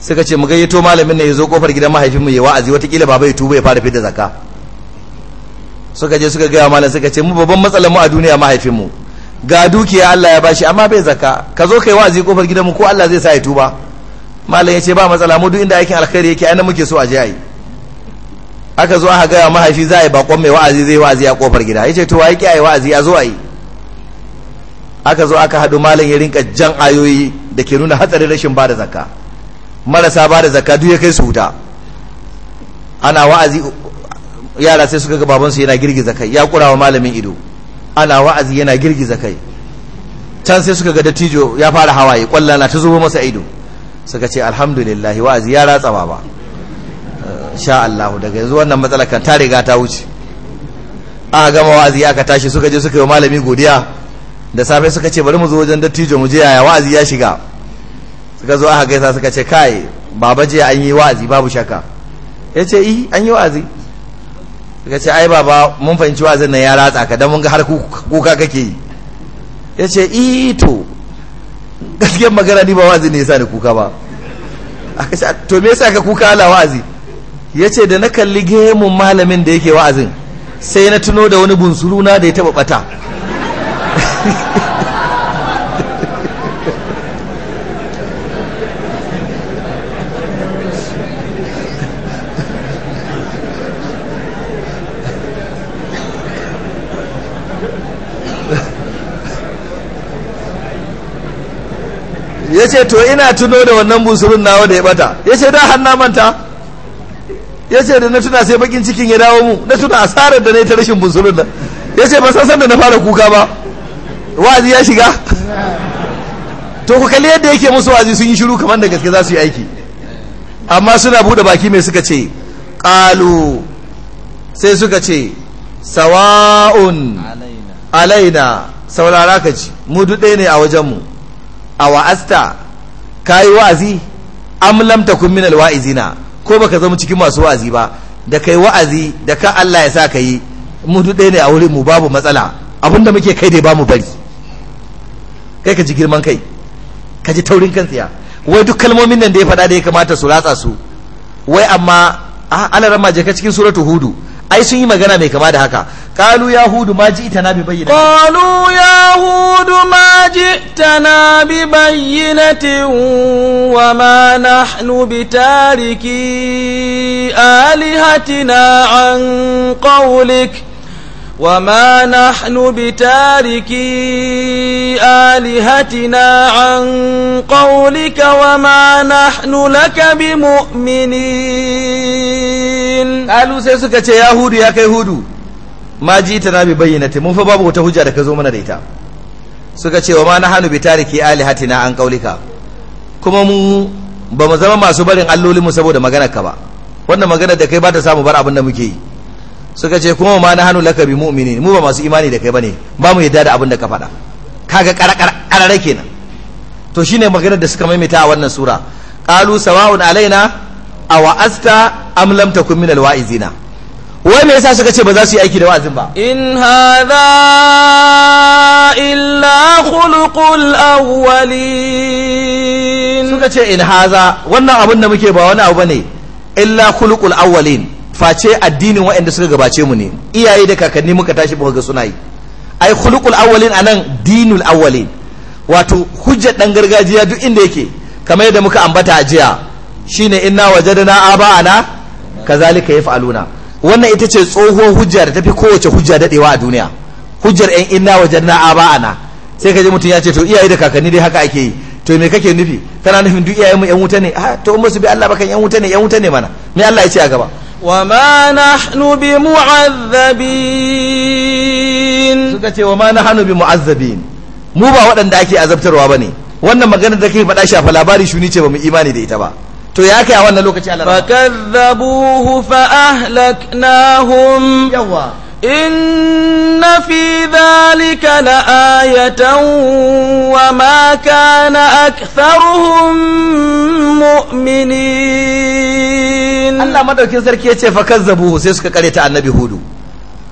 suka ce mu gayyato malamin ne ya zo kofar gidan mahaifinmu ya wa'azi watakila baba ya tuba ya fara fita zakka suka je suka gaya malam suka ce mu babban matsalar mu a duniya mahaifinmu ga dukiya Allah ya bashi amma bai zakka ka zo kai wa'azi kofar gidanmu ko Allah zai sa ya tuba malam ya ce ba matsala mu duk inda aikin alkhairi yake ai muke so a je ai aka zo aka gaya mahaifi za a yi bakon mai wa'azi zai wa'azi a kofar gida ya ce to wai yake a yi wa'azi a zo a yi aka zo aka haɗu malam ya rinka jan ayoyi da ke nuna hatsarin rashin ba da zakka marasa ba da zakka duk ya kai su wuta ana wa'azi yara sai suka ga babansu yana girgiza kai ya kura wa malamin ido ana wa'azi yana girgiza kai can sai suka ga dattijo ya fara hawaye kwalla ta zubo masa ido suka ce alhamdulillah wa'azi ya ratsa baba eh, sha Allah daga yanzu wannan matsalar kan ta riga ta wuce a gama wa'azi aka tashi suka je suka yi wa malami godiya da safe suka ce bari mu zo wajen dattijo mu je yaya wa'azi ya shiga suka zo aka gaisa suka ce kai baba je an yi wa'azi babu shakka ya ce yi an yi wa'azi suka ce ai baba mun fahimci wa'azin nan ya ratsa ka dan mun ga har kuka kake yi ya ce yi to gaskiyar magana ni ba wa'azi ne yasa ni kuka ba aka ce to me yasa ka kuka ala wa'azi ya ce da na kalli gemun malamin da yake wa'azin sai na tuno da wani bunsuruna da ya taba bata ya ce to ina tuno da wannan busurun nawa da ya bata ya ce da hannu manta ya ce da na tuna sai bakin cikin ya dawo mu na tuna asarar da na yi ta rashin busurun ya ce ba san da na fara kuka ba wa'azi ya shiga to ku kalli yadda yake musu wa'azi sun yi shiru kamar da gaske za su yi aiki amma suna bude baki mai suka ce ƙalu sai suka ce sawa'un alaina saurara ka ci mu duɗe ne a wajenmu a wa'asta ka yi wa'azi amlamta lam takun min alwa'izina ko baka zama cikin masu wa'azi ba da kai wa'azi da ka Allah ya sa ka yi mu duɗe ne a wurin mu babu matsala abinda muke kai dai ba mu bari kai ka ji girman kai ka ji taurin kan tsiya wai duk kalmomin nan da ya faɗa da ya kamata su ratsa su wai amma ala rama ka cikin suratu hudu ai sun yi magana mai kama da haka qalu ya hudu ma na bi bayyinati qalu ya hudu ma ji'tana bi bayyinatin wa ma nahnu bitariki alihatina an qawlika وما نحن بتاركي آلهتنا عن قولك وما نحن لك بمؤمنين قالوا سيسكت يا هود يا كيهود ma ji ta na bi bayyana ta mun fa babu wata hujja da ka zo mana da ita suka ce wa ma na hannu bi tariki alihatina an kaulika kuma mu ba mu zama masu barin alloli allolinmu saboda maganar ka ba wannan maganar da kai ba ta samu bar abin da muke yi suka ce kuma ma na hannu lakabi mu'mini mu ba masu imani da kai bane ba mu yadda da abin da ka faɗa kaga kararare kenan to shine maganar da suka maimaita a wannan sura qalu sawa'un alaina aw asta am lam takun min alwa'izina wai me yasa suka ce ba za su yi aiki da wa'azin ba in hadha illa khuluqul awwalin suka ce in haza wannan abin da muke ba wani abu bane illa khuluqul awwalin face addinin waɗanda suka gabace mu ne iyaye da kakanni muka tashi muka ga suna yi ai khuluqul awwalin anan dinul awwalin wato hujjar dan gargajiya duk inda yake kamar yadda muka ambata a jiya shine inna wajadna aba'ana kazalika yaf'aluna wannan ita ce tsohuwar hujja da tafi kowace hujja dadewa a duniya hujjar yan inna wajadna aba'ana sai ka ji mutum ya ce to iyaye da kakanni dai haka ake yi to me kake nufi kana nufin duk iyayen mu yan wuta ne a ah, to in su bi Allah bakan kan yan wuta ne yan wuta ne mana me Allah ya ce a gaba وما نحن بمعذبين suka ce wa ma nahnu bimu'azzabin mu ba waɗanda ake azabtarwa bane wannan maganar da kake faɗa shafa labari shuni ce ba mu imani da ita ba to ya kai a wannan lokaci Allah fakadzabuhu fa ahlaknahum yawa إن في ذلك لآية وما كان أكثرهم مؤمنين الله ما دوكين سركي يتشي فكذبوه سيسك قريتا النبي هودو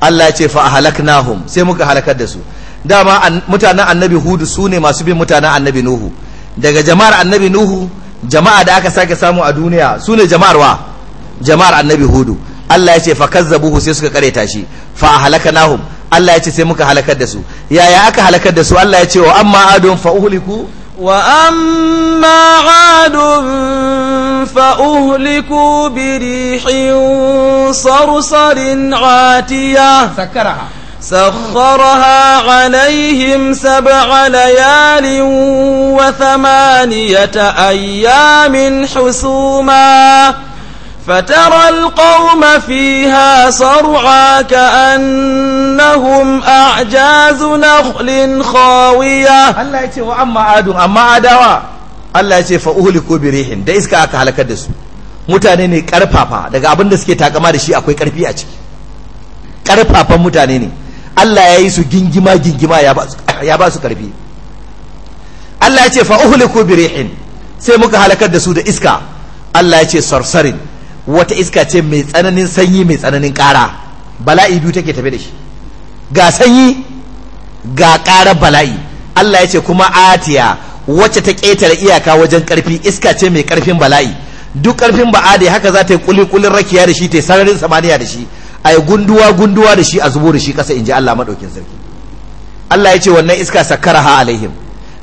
الله يتشي فأهلكناهم سيمك هلكت دسو dama mutanen annabi hudu su ne masu bin mutanen annabi nuhu daga jama'ar annabi nuhu jama'a da aka sake samu a duniya su ne jama'ar wa jama'ar annabi hudu Allah ya ce fa kazzabuhu sai suka kareta shi fa halakanahum Allah ya ce sai muka halakar da su yaya aka halakar da su Allah ya ce wa amma adun fa uhliku wa amma adun fa uhliku bi rihin sarsarin atiya sakaraha سخرها عليهم سبع ليال وثمانية أيام حسوما فترى القوم فيها صرعى كأنهم أعجاز نخل خاوية الله يتي وأما عاد أما عدوا Allah ya ce fa uhliku bi rihin da iska aka halakar da su mutane ne karfafa daga abin da suke takama da shi akwai karfi a ciki karfafan mutane ne Allah ya yi su gingima gingima ya ba su karfi Allah ya ce fa uhliku bi rihin sai muka halakar da su da iska Allah ya ce sarsarin wata iska ce mai tsananin sanyi mai tsananin ƙara bala'i biyu take tafe da shi ga sanyi ga ƙara bala'i Allah ya ce kuma atiya wacce ta ƙetare iyaka wajen ƙarfi iska ce mai ƙarfin bala'i duk ƙarfin adai haka za ta yi kulikulin rakiya da shi ta yi sararin samaniya da shi a yi gunduwa gunduwa da shi a zubo da shi ƙasa in ji Allah maɗaukin sarki Allah ya ce wannan iska ha alaihim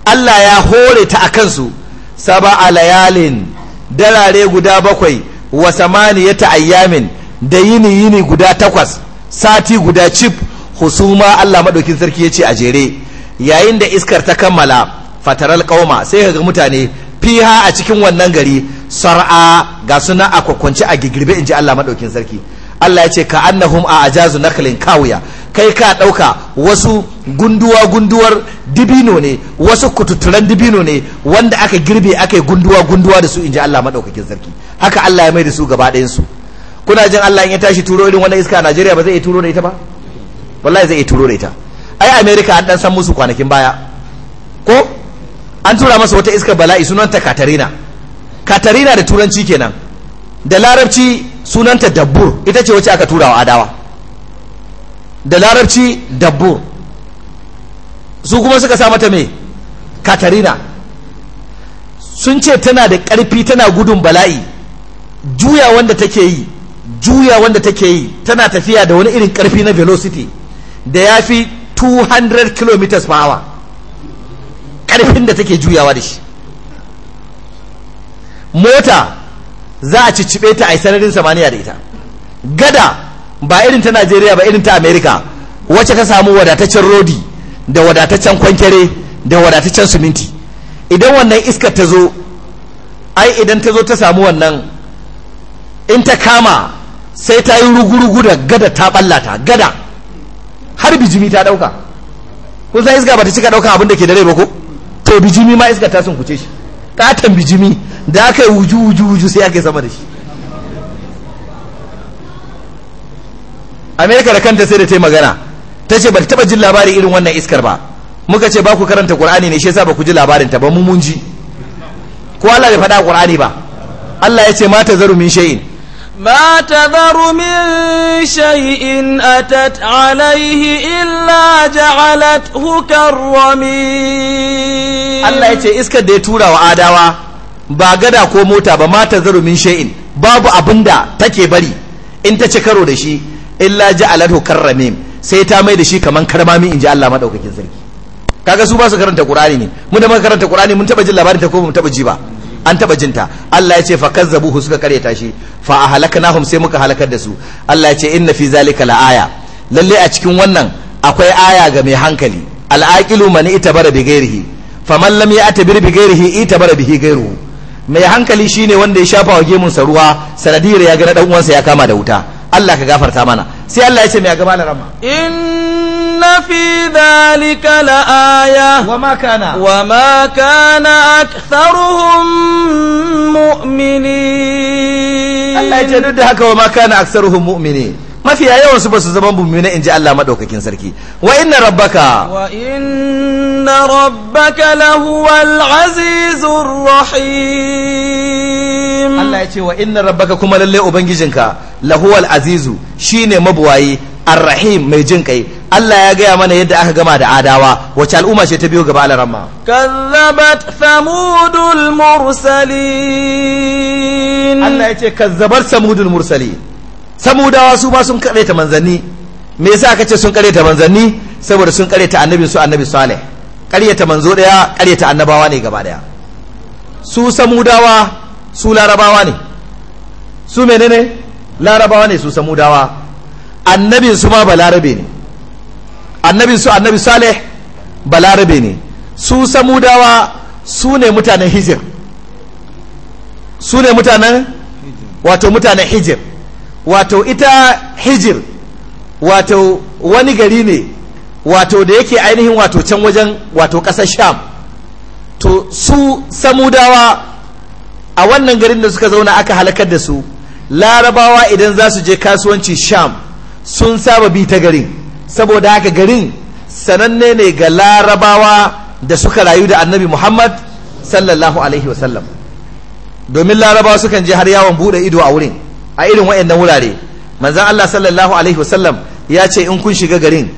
Allah ya hore ta a kansu saba a layalin dalare guda bakwai wa samaniyata ayyamin da yini yini guda takwas sati guda cif husuma Allah madaukin sarki ya ce a jere yayin da iskar ta kammala fataral qauma sai ga mutane fiha a cikin wannan gari sar'a ga suna a kwakwanci a gigirbe in inji Allah madaukin sarki Allah ya ce ka annahum a ajazu naklin kawiya kai ka ɗauka wasu gunduwa gunduwar dibino ne wasu kututturan dibino ne wanda aka girbe aka yi gunduwa gunduwa da su in ji Allah maɗaukakin sarki haka Allah ya mai da su gaba su kuna jin Allah in ya tashi turo irin wannan iska a Najeriya ba zai iya turo da ita ba wallahi zai iya turo da ita ai America an dan san musu kwanakin baya ko an tura masa wata iska bala'i sunanta Katarina Katarina da turanci kenan da larabci sunanta Dabbur ita ce wacce aka tura wa Adawa da larabci dabbur su kuma suka sa mata mai katarina sun ce tana da ƙarfi tana gudun bala'i juya wanda take yi juya wanda take yi tana tafiya da wani irin ƙarfi na velocity da ya fi 200 km per hour ƙarfin da take juyawa da shi mota za a cicibe ta a yi sararin samaniya da ita gada ba irin ta najeriya ba irin ta amerika wacce ka samu wadataccen rodi da wadataccen kwankere da wadataccen suminti idan wannan iskar ta zo ai idan ta zo ta samu wannan in ta kama sai ta yi rugurugu da gada ta ballata gada har bijimi ta dauka kun san iska ba ta cika dauka abin da ke dare ba ko to bijimi ma iska ta sun kuce shi katon bijimi da aka yi wuju wuju sai aka yi sama da shi amerika da kanta sai da ta yi magana ta ce ba ta taba jin labarin irin wannan iskar ba muka ce ba ku karanta qur'ani ne shi yasa ba ku ji ta ba mu mun ji ko Allah bai faɗa ba Allah ya ce ma ta zaru min shay'in ma ta zaru min shay'in atat alayhi illa ja'alat Allah ya ce iskar da ya tura wa adawa ba gada ko mota ba ma ta zaru min shay'in babu abinda take bari in ta ci karo da shi illa ji alatu karrame sai ta mai da shi kaman karmami ji Allah madaukakin sarki kaga su ba su karanta qur'ani ne mu da muka karanta qur'ani mun taba jin labarin ta ko mun taba ji ba an taba ta Allah ya ce fa kazzabuhu suka ta shi fa ahlaknahum sai muka halakar da su Allah ya ce inna fi zalika laaya lalle a cikin wannan akwai aya ga mai hankali al'aqilu man itabara bi ghairihi faman lam ya'tabir bi ghairihi itabara bihi ghairuhu mai hankali shine wanda ya shafa wa gemun sa ruwa sanadiyar ya ga dan uwansa ya kama da wuta Allah ka gafarta mana sai Allah ya ce mai a gaba larama inna fi dhalika laaya wa ma kana wa ma kana aktharuhum Allah ya ce duk da haka wa ma kana aktharuhum mafiya yawan su ba su zama mummuna in ji Allah maɗaukakin sarki wa inna rabbaka wa inna rabbaka lahuwal azizur rahim Allah ya ce wa inna rabbaka kuma lalle ubangijinka lahuwal azizu shine mabuwayi arrahim mai jin kai Allah ya gaya mana yadda aka gama da adawa wace al'umma ce ta biyo gaba alarama kazzabat samudul mursalin Allah ya ce kazzabar samudul mursali samudawa su ba sun kare ta manzanni me yasa aka ce sun kare ta manzanni saboda sun kare ta annabi su annabi salih kare ta manzo daya kare ta annabawa ne gaba daya su samudawa su larabawa ne su menene larabawa ne su samudawa annabin su ma balarabe ne annabin su annabi saleh balarabe ne su samudawa su ne mutanen hijir su ne mutanen wato mutanen hijir wato ita hijir wato wani gari ne wato da yake ainihin wato can wajen wato ƙasar sham to su samudawa a wannan garin da suka zauna aka halakar da su larabawa idan za su je kasuwanci sham sun saba bi ta garin saboda haka garin sananne ne ga larabawa da suka rayu da annabi muhammad sallallahu alaihi wasallam domin larabawa sukan je har yawon bude ido a wurin a irin wayannan wurare manzan allah sallallahu alaihi wasallam ya ce in kun shiga garin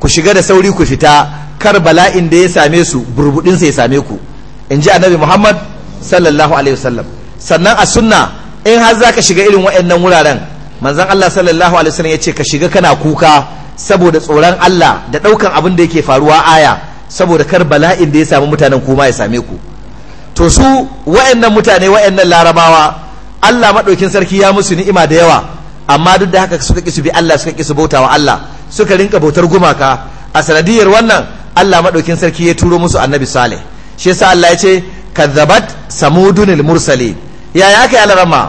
ku shiga da sauri ku fita kar bala'in da ya same su burbudinsa ya same ku in ji annabi muhammad sallallahu alaihi wasallam sannan a sunna in har zaka shiga irin waɗannan wuraren manzon Allah sallallahu alaihi wasallam yace ka shiga kana kuka saboda tsoron Allah da daukan abin da yake faruwa aya saboda kar bala'in da ya samu mutanen kuma ya same ku to su waɗannan mutane waɗannan larabawa Allah madaukin sarki ya musu ni'ima da yawa amma duk da haka suka kisu su bi Allah suka kisu bauta wa Allah suka rinka bautar gumaka a sanadiyar wannan Allah madaukin sarki ya turo musu annabi Saleh shi yasa Allah ya ce kazzabat samudun mursali yaya aka yi alarama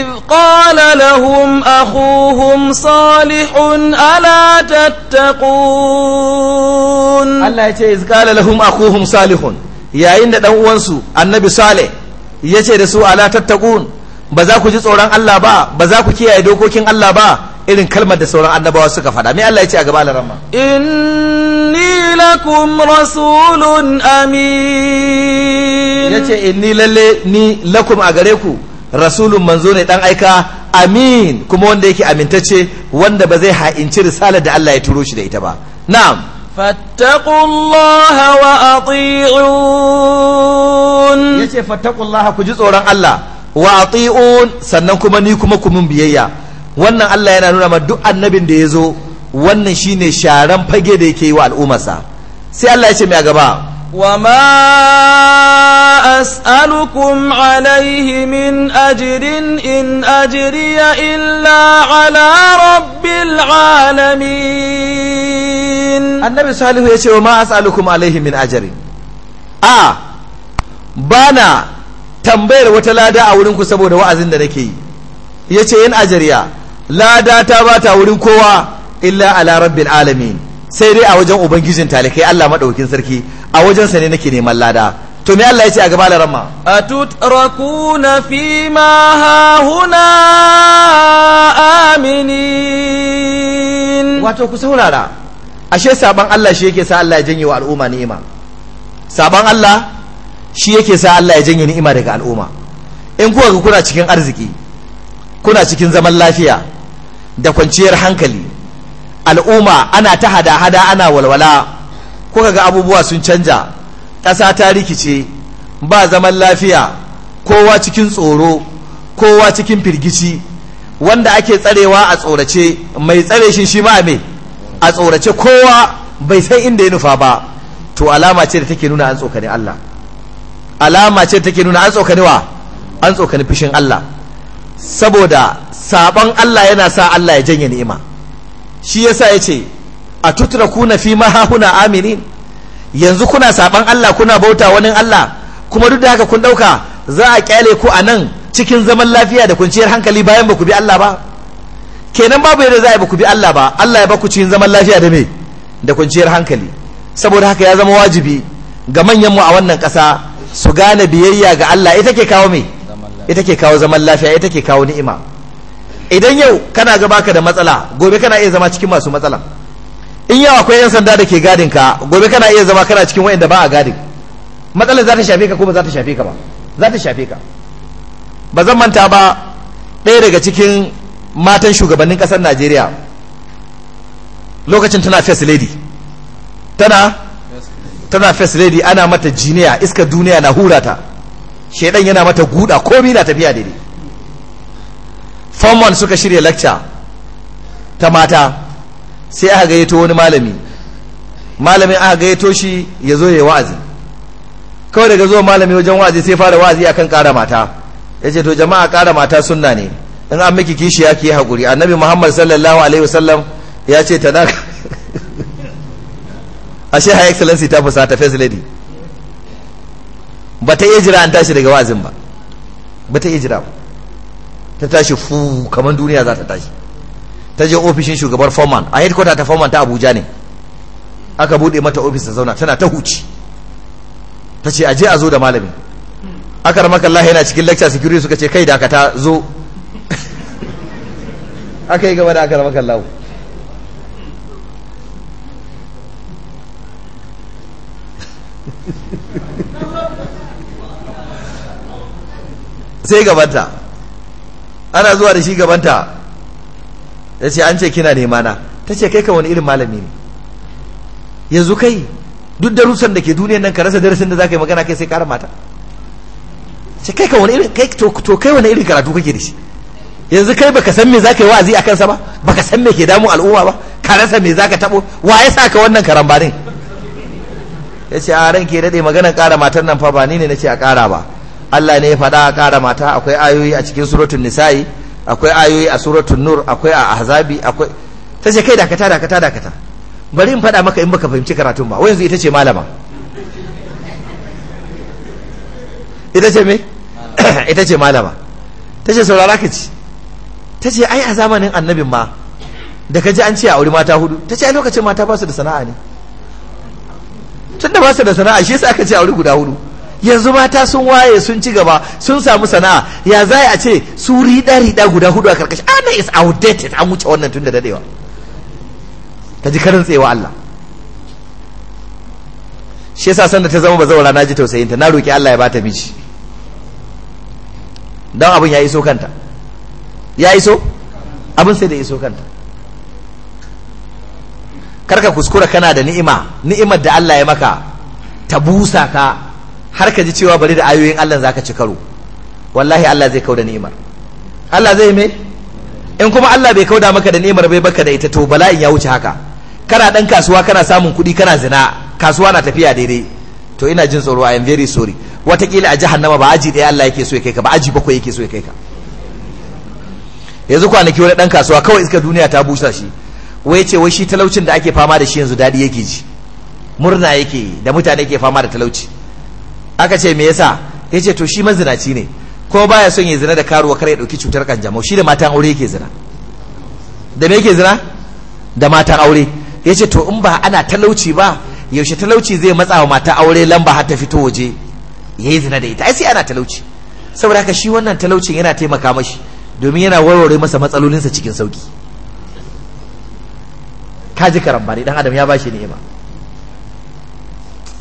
إذ قال لهم أخوهم صالح ألا تتقون الله يتي إذ قال لهم أخوهم صالح يا إن دعوانسو النبي yace da su ala tattaqun ba za ku ji tsoron Allah ba ba za ku kiyaye dokokin Allah ba irin kalmar da sauran annabawa suka faɗa me Allah ya ce a alarama inni lakum rasulun amin yace inni lalle ni lakum a gare ku rasulun manzo ne dan aika amin kuma wanda yake amintacce wanda ba zai ha'inci risalar da Allah ya turo shi da ita ba na'am fattaqullaha wa ati'un yace fattaqullaha ku ji tsoron Allah wa ati'un sannan kuma ni kuma ku mun biyayya wannan Allah yana nuna ma duk annabin da ya zo wannan shine sharan fage da yake yi wa al'ummarsa sai Allah ya ce mai a gaba وما أسألكم عليه من أجر إن أجري إلا على رب العالمين النبي صالح يقول وما أسألكم عليه من أجر آه بانا tambayar wata lada a wurinku saboda wa'azin da nake yi yace in ajariya lada ta bata wurin kowa illa ala rabbil alamin sai dai a wajen ubangijin talikai Allah maɗaukin sarki a wajen sa ne nake neman lada to me Allah ya ce a gaba larama na fi ma hahuna aminin wato ku saurara ashe saban Allah shi yake sa Allah ya janye wa al'umma ni'ima saban Allah shi yake sa Allah ya janye ni'ima daga al'umma in kuwa kuna cikin arziki kuna cikin zaman lafiya da kwanciyar hankali al'umma ana ta hada-hada ana walwala kuka ga abubuwa sun canja ƙasa ta rikice ba zaman lafiya kowa cikin tsoro kowa cikin firgici wanda ake tsarewa a tsorace mai tsare shi shi ma me a tsorace kowa bai san inda ya nufa ba to alama ce da take nuna an tsokane Allah alama ce da take nuna an tsokane wa an tsokane fushin Allah saboda sabon Allah yana sa Allah ya janye ni'ima shi yasa ya ce a tutura kuna fi mahahuna aminin yanzu kuna saban Allah kuna bauta wani Allah kuma duk da haka kun ɗauka za a kyale ku a nan cikin zaman lafiya da kunciyar hankali bayan ba ku bi Allah ba kenan babu yadda za a ba ku bi Allah ba Allah ya ba ku cikin zaman lafiya da me da kunciyar hankali saboda haka ya zama wajibi ga manyanmu a wannan ƙasa su gane biyayya ga Allah ita ke kawo me ita ke kawo zaman lafiya ita ke kawo ni'ima idan yau kana ga baka da matsala gobe kana iya zama cikin masu matsala in yau akwai yan sanda da ke gadin ka gobe kana iya zama kana cikin wayanda ba a gadin matsalar za ta shafe ka ko ba za ta shafe ka ba za ta shafe ka ba zan manta ba ɗaya daga cikin matan shugabannin ƙasar najeriya lokacin tana first lady tana tana first lady ana mata jiniya iska duniya na hura ta shaidan yana mata guda komi na tafiya daidai form suka shirya lecture ta mata sai aka gayyato wani malami malamin aka gayyato shi ya zo ya yi wa'azi kawai daga zuwa malami wajen wa'azi sai fara wa'azi akan kara mata ya ce to jama'a kara mata sunna ne in an miki kishi ya ki haƙuri annabi muhammad sallallahu alaihi wasallam ya ce ta naka ashe high excellency ta fusata first lady ba ta iya jira an tashi daga wa'azin ba ba ta iya jira ba ta tashi fu kamar duniya za ta tashi ta je ofishin shugabar foreman a headquarter ta foreman ta abuja ne aka bude mata ofis ta zauna tana ta huci ta ce aje a zo da malami aka ramaka Allah yana cikin lecture security suka ce kai dakata zo aka yi gaba da aka ramaka Allah sai gabata ana zuwa da shi gabanta ya ce an ce kina nema na ta ce kai ka wani irin malami ne yanzu kai duk darussan da ke duniyan nan ka rasa darasin da za ka yi magana kai sai kara mata ce kai ka wani irin kai to kai wani irin karatu kake da shi yanzu kai baka san me za ka yi wa'azi a kansa ba baka san me ke damun al'umma ba ka rasa me za ka taɓo wa ya sa ka wannan karambanin ya ce a ran ke daɗe maganar ƙara matar nan fa ba ni ne na ce a ƙara ba Allah ne ya faɗa a ƙara mata akwai ayoyi a cikin suratun nisa'i akwai ayoyi a suratun nur akwai a ahzabi akwai ta ce kai dakata dakata dakata bari in faɗa maka in baka fahimci karatun ba wayanzu ita ce malama ita ce me ita ce malama ta ce saurara ka ci ta ce ai a zamanin annabin ma da ka ji an ce a wuri mata hudu ta ce a lokacin mata ba su da sana'a ne tun da ba su da sana'a shi sa aka ce a wuri guda hudu yanzu mata sun waye sun ci gaba sun samu sana'a ya za a ce su riɗa riɗa guda hudu a karkashi ana ah, is outdated an wuce wannan tun da dadewa ta ji karin tsewa Allah shi yasa sanda ta zama bazawara na ji tausayinta na roki Allah ya bata miji don abin ya iso kanta ya iso abin sai da iso kanta karka kuskura kana da ni'ima ni'imar da Allah ya maka ta busa ka har ka ji cewa bari da ayoyin Allah ka ci karo wallahi Allah zai kauda ni'imar Allah zai mai in kuma Allah bai kauda maka da ni'imar bai baka da ita to bala'in ya wuce haka kana dan kasuwa kana samun kuɗi kana zina kasuwa na tafiya daidai to ina jin tsoro i am very sorry watakila a jahannama ba aji ɗaya Allah yake so ya kai ka ba aji bakwai yake so ya kai ka yanzu kwanaki wani dan kasuwa kawai iska duniya ta busa shi wai ce wai shi talaucin da ake fama da shi yanzu daɗi yake ji murna yake da mutane ke fama da talauci aka ce me yasa ya ce to shi mazinaci ne ko baya son ya zina da karuwa kar ya ɗauki cutar kanjamau shi da matan aure yake zina da me yake zina da matan aure ya ce to in ba ana talauci ba yaushe talauci zai matsa wa mata aure lamba har ta fito waje ya yi zina da ita ai sai ana talauci saboda haka shi wannan talaucin yana taimaka mashi domin yana warware masa matsalolin sa cikin sauki kaji karambani dan adam ya ba bashi ni'ima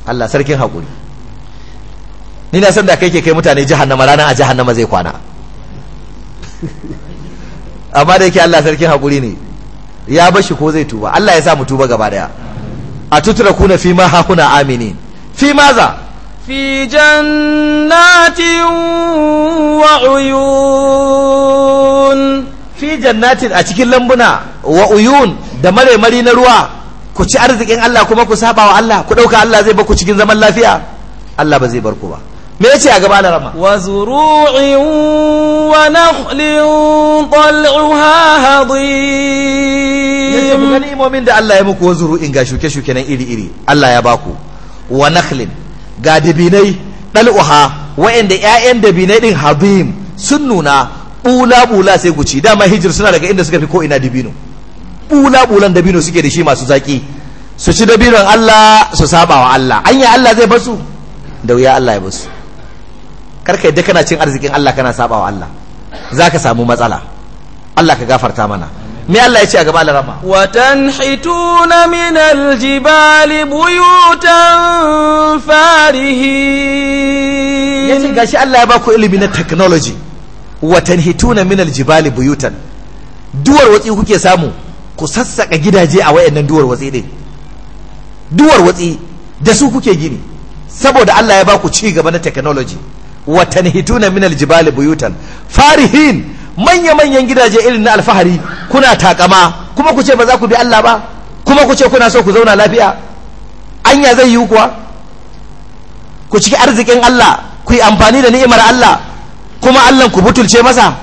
Allah sarkin hakuri. ni na san da kai ke kai mutane jahannama ranar a jahannama zai kwana amma da yake Allah sarkin hakuri ne ya bashi ko zai tuba Allah ya sa mu tuba gaba daya a tutura kuna fi ma hakuna amini. fi maza fi jannatin wa uyun fi jannatin a cikin lambuna wa uyun da mare na ruwa ku ci arzikin Allah kuma ku saba wa Allah ku dauka Allah zai ku cikin zaman lafiya Allah ba zai bar ku ba me ce a gaba rama wa zuru'in wa nakhlin tal'uha hadim yace ku gani da Allah ya muku wa zuru'in ga shuke shuke nan iri iri Allah ya baku wa nakhlin ga dabinai dal'uha wa'anda ƴaƴan dabinai din hadim sun nuna bula bula sai ku dama hijir suna daga inda suka fi ko ina dabino bula bulan dabino suke da shi masu zaki su ci dabinon Allah su saba wa Allah anya Allah zai basu da wuya Allah ya basu karka yadda kana cin arzikin Allah kana saba wa Allah za ka samu matsala Allah ka gafarta mana me Allah ya ce a gaba alarama watan hituna min aljibali buyutan farihin yace gashi Allah ya baku ilimi na technology watan hituna min aljibali buyutan duwar watsi kuke samu ku sassaka gidaje a wayannan duwar watsi din duwar watsi da su kuke gini saboda Allah ya baku ci gaba na technology watan hituna min aljibali buyutan farihin manya-manyan gidaje irin na alfahari kuna takama kuma ku ce ba za ku bi Allah ba kuma ku ce kuna so ku zauna lafiya anya zai yi kuwa ku ciki arzikin Allah ku yi amfani da ni'imar Allah kuma Allah ku butulce masa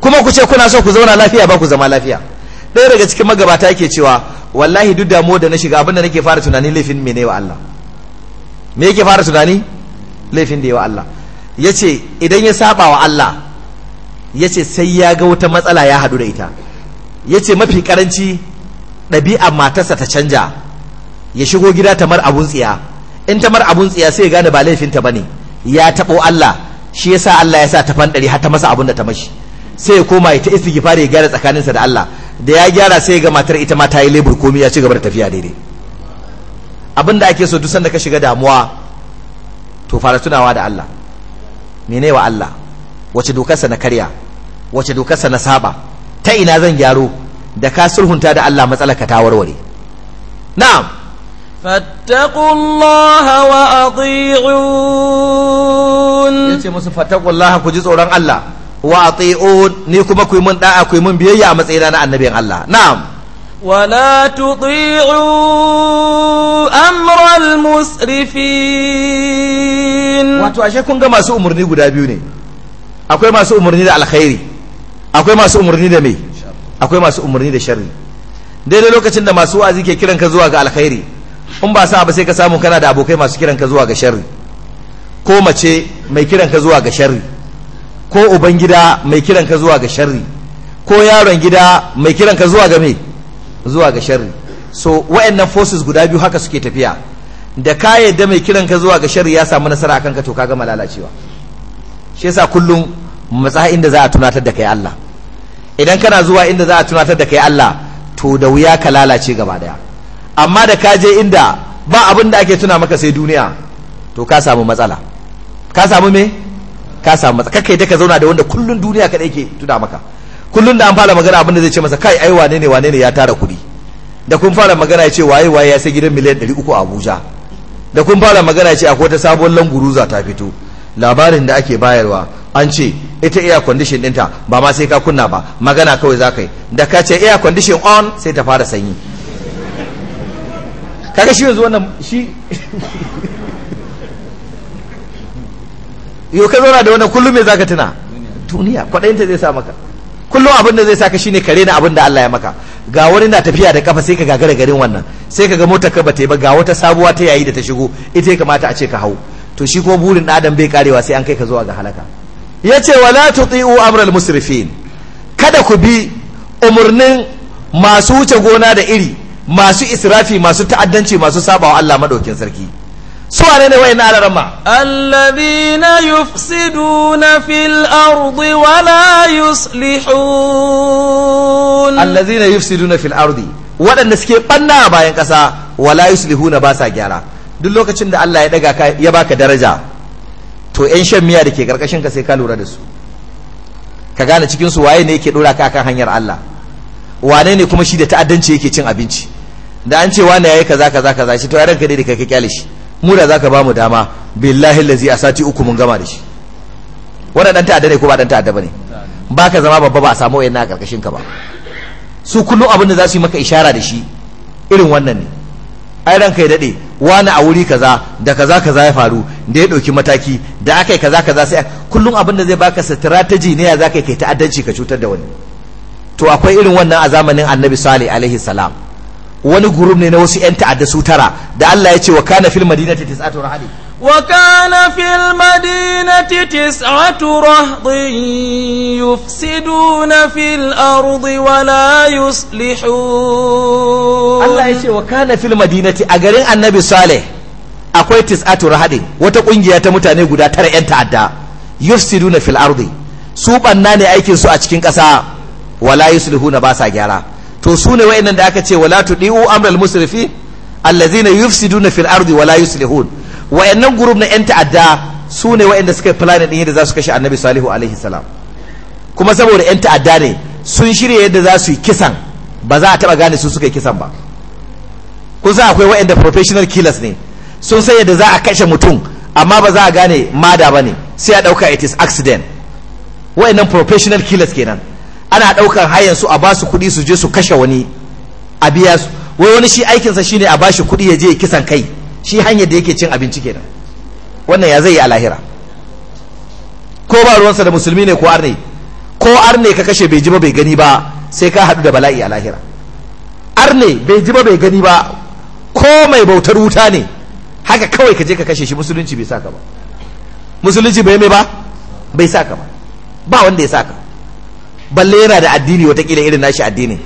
kuma ku ce kuna so ku zauna lafiya ba ku zama lafiya ɗaya daga cikin magabata yake cewa wallahi duk damu da na shiga abinda nake fara tunani laifin mene wa Allah me yake fara tunani laifin da yawa Allah ya ce idan ya saba wa Allah ya ce sai ya ga wata matsala ya haɗu da ita ya ce mafi karanci ɗabi'a matarsa ta canja ya shigo gida tamar abun tsiya in tamar abun tsiya sai ya gane ba laifinta ba ne ya taɓo Allah shi ya sa Allah ya sa ta fanɗari har ta masa abun da ta mashi sai ya koma ya ta istighfar ya gyara tsakaninsa da Allah da ya gyara sai ga matar ita ma ta yi lebur komi ya ci gaba da tafiya daidai abin da ake so duk sanda ka shiga damuwa to fara tunawa da Allah mene wa Allah wace dokarsa na karya wace dokarsa na saba ta ina zan gyaro da ka sulhunta da Allah matsalarka ta warware na'am fattaqullaha wa ati'un yace musu fattaqullaha ku ji tsoron Allah wa ati'un ni kuma ku mun da'a ku mun biyayya a matsayina na annabin Allah na'am wala أمر المسرفين wato ashe kun ga masu umarni guda biyu ne akwai masu umarni da alkhairi akwai masu umarni da me akwai masu umarni da sharri daidai lokacin da masu wa'azi ke kiran ka zuwa ga alkhairi in basa ba sai ka samu kana da abokai masu kiran ka zuwa ga sharri ko mace mai kiran ka zuwa ga sharri ko ubangida gida mai kiran ka zuwa ga sharri ko yaron gida mai kiran ka zuwa ga me zuwa ga sharri so wayannan forces guda biyu haka suke tafiya da ka yadda mai kiran ka zuwa ga shari ya samu nasara akan ka to ka gama lalacewa shi yasa kullum matsa inda za a tunatar da kai Allah idan kana zuwa inda za a tunatar da kai Allah to da wuya ka lalace gaba daya amma da ka je inda ba abin da ake tuna maka sai duniya to ka samu matsala ka samu me ka samu matsala kai da ka zauna da wanda kullun duniya kadai ke tuna maka kullun da an fara magana abin da zai ce masa kai ai wane ne wane ne ya tara kuɗi da kun fara magana ya ce waye waye ya sai gidan miliyan 300 Abuja da kun fara magana ya ce akwai ta sabon languruza ta fito labarin da ake bayarwa an ce ita air condition dinta ba ma sai ka kunna ba magana kawai za ka yi da ka ce air condition on sai ta fara sanyi kaga shi yanzu wannan shi yau ka zauna da wannan kullum me za ka tuna duniya kwaɗayinta zai sa maka kullum abin da zai saka shine kare na abin da Allah ya maka ga wani na tafiya da kafa sai ka gagara garin wannan sai ka ga motar ka bata yi ba ga wata sabuwa ta yayi da ta shigo ita ya kamata a ce ka hau to shi ko burin dan adam bai karewa sai an kai ka zuwa ga halaka yace wala tuti'u amral musrifin kada ku bi umurnin masu wuce gona da iri masu israfi masu ta'addanci masu sabawa Allah madaukin sarki ne سواء na yufsidu na fil ardi wala yuslihun. ولا na yufsidu na fil ardi. waɗanda suke ɓanna a bayan ƙasa wala yuslihuna ba sa gyara duk lokacin da Allah ya daga ka ya baka daraja to yan shan miya da ke ƙarƙashin ka sai ka lura da su ka gane cikin su waye ne yake ɗora ka kan hanyar Allah wane ne kuma shi da ta'addanci yake cin abinci da an ce wane yayi kaza kaza kaza shi to ya ranka dai da kai ka kyale shi mu da zaka ba mu dama billahi lazi a sati uku mun gama da shi wannan dan ta'adda ne ko ba dan ta'adda bane ba ka zama babba ba a samu wayan na karkashin ka ba su kullum abin da za su yi maka ishara da shi irin wannan ne ai ranka ya dade wani a wuri kaza da kaza kaza ya faru da ya dauki mataki da aka yi kaza kaza sai kullum abin da zai baka strategy ne ya zaka kai ta'addanci ka cutar da wani to akwai irin wannan a zamanin annabi salih alaihi salam wani gurub ne na wasu 'yan ta'adda su tara da Allah ya ce wa kana fil madinati tis'atu rahdi wa kana fil madinati tis'atu rahdi yufsiduna fil ardi wa la yuslihun Allah ya ce wa kana fil madinati a garin Annabi Saleh akwai tis'atu rahdi wata kungiya ta mutane guda tara 'yan ta'adda yufsiduna fil ardi su banna ne aikin su a cikin ƙasa wala yuslihuna ba sa gyara to su ne wa'in da aka ce wala tudi'u amral musrifi allazina yufsiduna fil ardi wala yuslihun nan group na yan ta'adda su ne da suka plana din yadda za su kashe annabi salihu alaihi salam kuma saboda yan ta'adda ne sun shirya yadda za su yi kisan ba za a taba gane su suka yi kisan ba kun san akwai da professional killers ne sun san yadda za a kashe mutum amma ba za a gane mada ba ne sai a ɗauka it is accident nan professional killers kenan ana ɗaukar hayan su a basu kuɗi su je su kashe wani a biya su wai wani shi aikinsa shine a bashi kuɗi ya je kisan kai shi hanyar da yake cin abinci kenan wannan ya zai yi a lahira ko ba ruwansa da musulmi ne ko arne ko arne ka kashe bai jiba bai gani ba sai ka haɗu da bala'i a lahira arne bai jiba bai gani ba ko mai bautar wuta ne haka kawai ka je ka kashe shi musulunci bai saka ba musulunci bai mai ba bai saka ba ba wanda ya saka balle yana da addini watakila irin nashi addinin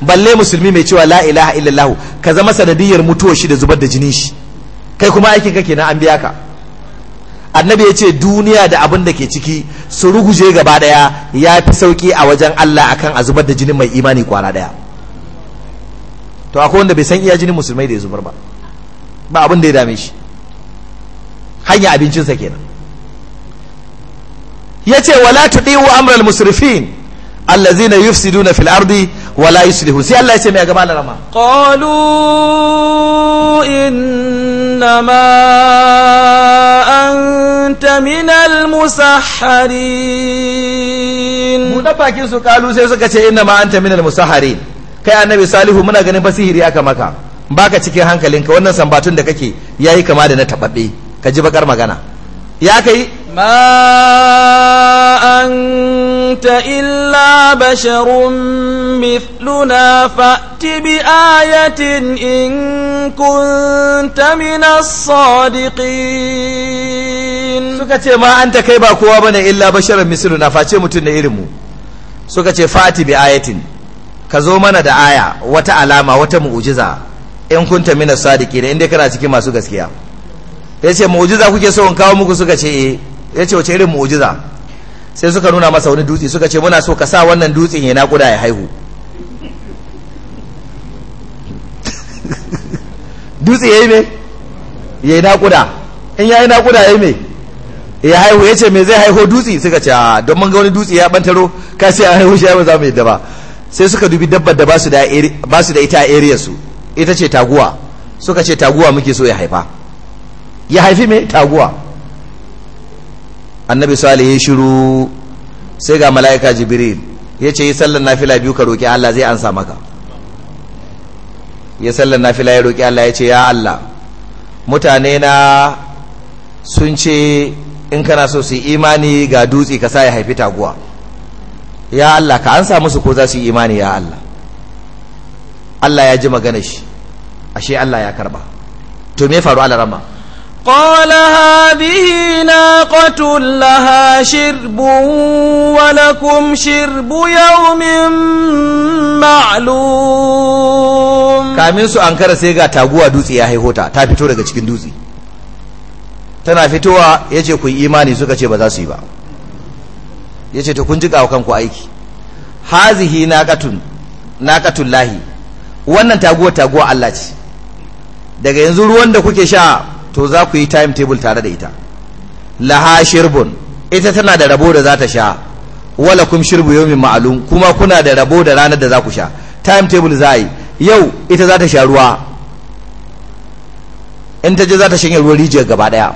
balle musulmi mai cewa la ilaha illallah ka zama sanadiyar mutuwa shi da zubar da jinin shi kai kuma aikin ka kenan an biya ka annabi ya ce duniya da abin da ke ciki su ruguje gaba daya ya fi sauki a wajen Allah akan a zubar da jinin mai imani kwana daya to akwai wanda bai san iya jinin musulmai da ya zubar ba ba abin da ya dame shi hanya abincinsa kenan ya ce wala tuɗi wa amral musrifin allazina yufsiduna fil ardi wa la yuslihun sai Allah ya ce mai gaba da rama qalu innama anta minal musahharin mu da bakin su kalu sai suka ce ma anta minal musahharin kai annabi salihu muna ganin fasihiri aka maka baka cikin hankalinka wannan sambatun da kake yayi kama da na tababbe ka ji bakar magana ya kai ma an أنت إلا بشر مثلنا فأت بآية إن suka ce ma an ta kai ba kowa bane illa basharar misiru na face mutum da irinmu suka ce fati bi ayatin ka zo mana da aya wata alama wata mu'ujiza in kunta mina sadiki ne inda kana ciki masu gaskiya ya ce mu'ujiza kuke so in kawo muku suka ce eh ya ce wace irin mu'ujiza sai suka nuna masa wani dutse suka ce muna so ka sa wannan dutsen ya naƙuda ya haihu dutse ya yi ne ya yi naƙuda in ya yi naƙuda ya yi me ya haihu ya ce me zai haihu dutse suka ce a don mun ga wani dutse ya ɓantaro ka sai a haihu shi ba za mu yadda ba sai suka dubi dabbar da ba su da ita a area su ita ce taguwa suka ce taguwa muke so ya haifa ya haifi me taguwa annabi sali ya shiru sai ga mala'ika jibril ya ce yi sallan nafila biyu ka roƙi Allah zai ansa maka ya sallan nafila ya roƙi Allah ya ce ya Allah mutane na sun ce in kana so su imani ga dutse ka sa ya haifi taguwa ya Allah ka ansa musu ko za su yi imani ya Allah Allah ya ji magana shi ashe Allah ya karba to me faru alarama قال هذه ناقة لها شرب ولكم شرب يوم معلوم kamin su an kara sai ga taguwa dutse ya haihu ta fito daga cikin dutse tana fitowa yace ku imani suka ce ba za su yi ba yace to kun jika kanku aiki hazihi naqatun naqatullahi lahi wannan taguwa taguwa Allah ce daga yanzu ruwan da kuke sha to za ku yi timetable tare da ita laha shirbun ita tana da rabo da za ta sha wala kum shirbu yawmin ma'lum kuma kuna da rabo da ranar da za ku sha timetable za yi yau ita za ta sha ruwa in ta je za ta shanye ruwan rijiyar gaba daya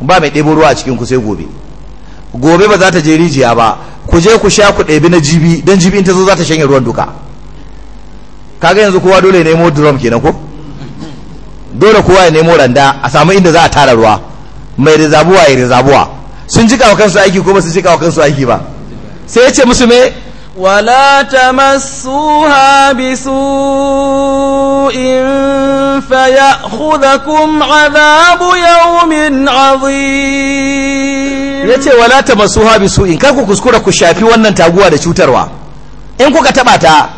ba mai ɗebo ruwa a cikin ku sai gobe gobe ba za ta je rijiya ba ku je ku sha ku ɗebi na jibi don jibi in ta zo za ta shanye ruwan duka ga yanzu kowa dole nemo drum kenan ko dole kowa ya nemo randa a samu inda za a tara ruwa mai rizabuwa ya rizabuwa sun jika wa kansu aiki ko ba su jika wa kansu aiki ba sai ya ce musu me wala tamassuha bisu'in fayakhudhukum adhabu yawmin ya yace wala ta masu tamassuha in kar ku kuskura ku shafi wannan taguwa da cutarwa in kuka taba ta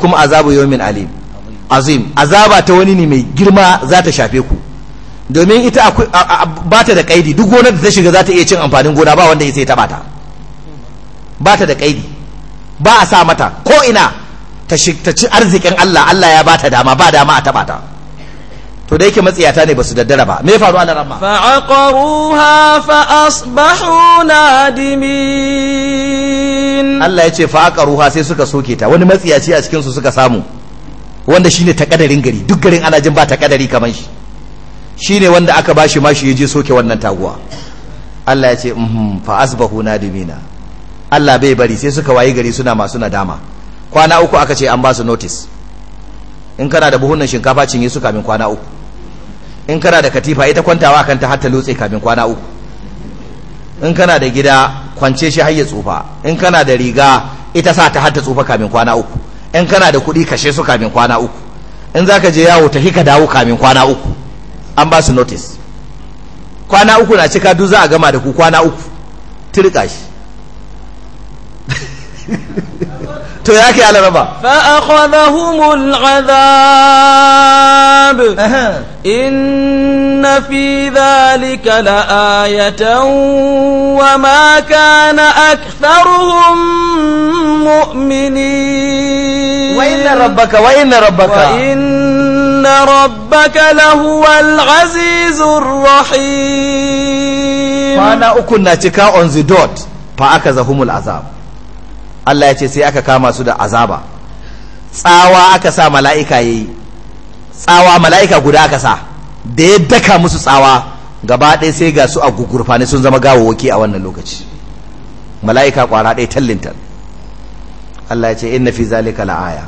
kun azabu yawmin alim azim azaba ta wani ne mai girma za ta shafe ku domin ita ba ta da kaidi duk gonar da ta shiga za ta iya cin amfanin gona ba wanda ya sai taba ta ba ta da kaidi ba a sa mata ko ina ta ci arzikin Allah Allah ya ba ta dama ba dama a taba ta to da yake matsiyata ne ba su daddara ba me faru a ramma fa aqaruha fa asbahu nadimin Allah ya ce fa aqaruha sai suka soke ta wani matsiyaci a cikin su suka samu wanda shine kadarin gari duk garin ana jin ba kadari kamar shi shine wanda aka bashi mashi je soke wannan taguwa Allah ya ce mhm fa asbahu nadimina Allah bai bari sai suka wayi gari suna masu nadama kwana uku aka ce an ba su notice in kana da buhunan shinkafa cinye su kamin kwana uku in kana da katifa ita kwantawa kan ta har ta lotse kamin kwana uku in kana da gida kwance shi har ya tsufa in kana da riga ita sa ta har tsufa kamin kwana uku in kana da kuɗi kashe su kamin kwana uku in za ka je yawo tafi ka dawo kamin kwana uku an ba su notice kwana uku na cika duk za a gama da ku kwana uku tirka shi تياكي على ربا فأخذهم العذاب إن في ذلك لآية وما كان أكثرهم مؤمنين وإن ربك وإن ربك وإن ربك لهو العزيز الرحيم فأنا أكون نتكا on the dot فأخذهم العذاب Allah ya ce sai aka kama su da azaba tsawa aka sa mala'ika ya yi tsawa mala'ika guda aka sa da ya daka musu tsawa gaba ɗaya sai ga su a gugurfani sun zama gawawaki a wannan lokaci mala'ika kwara ɗaya tallintan Allah ya ce inna fi zalika la'aya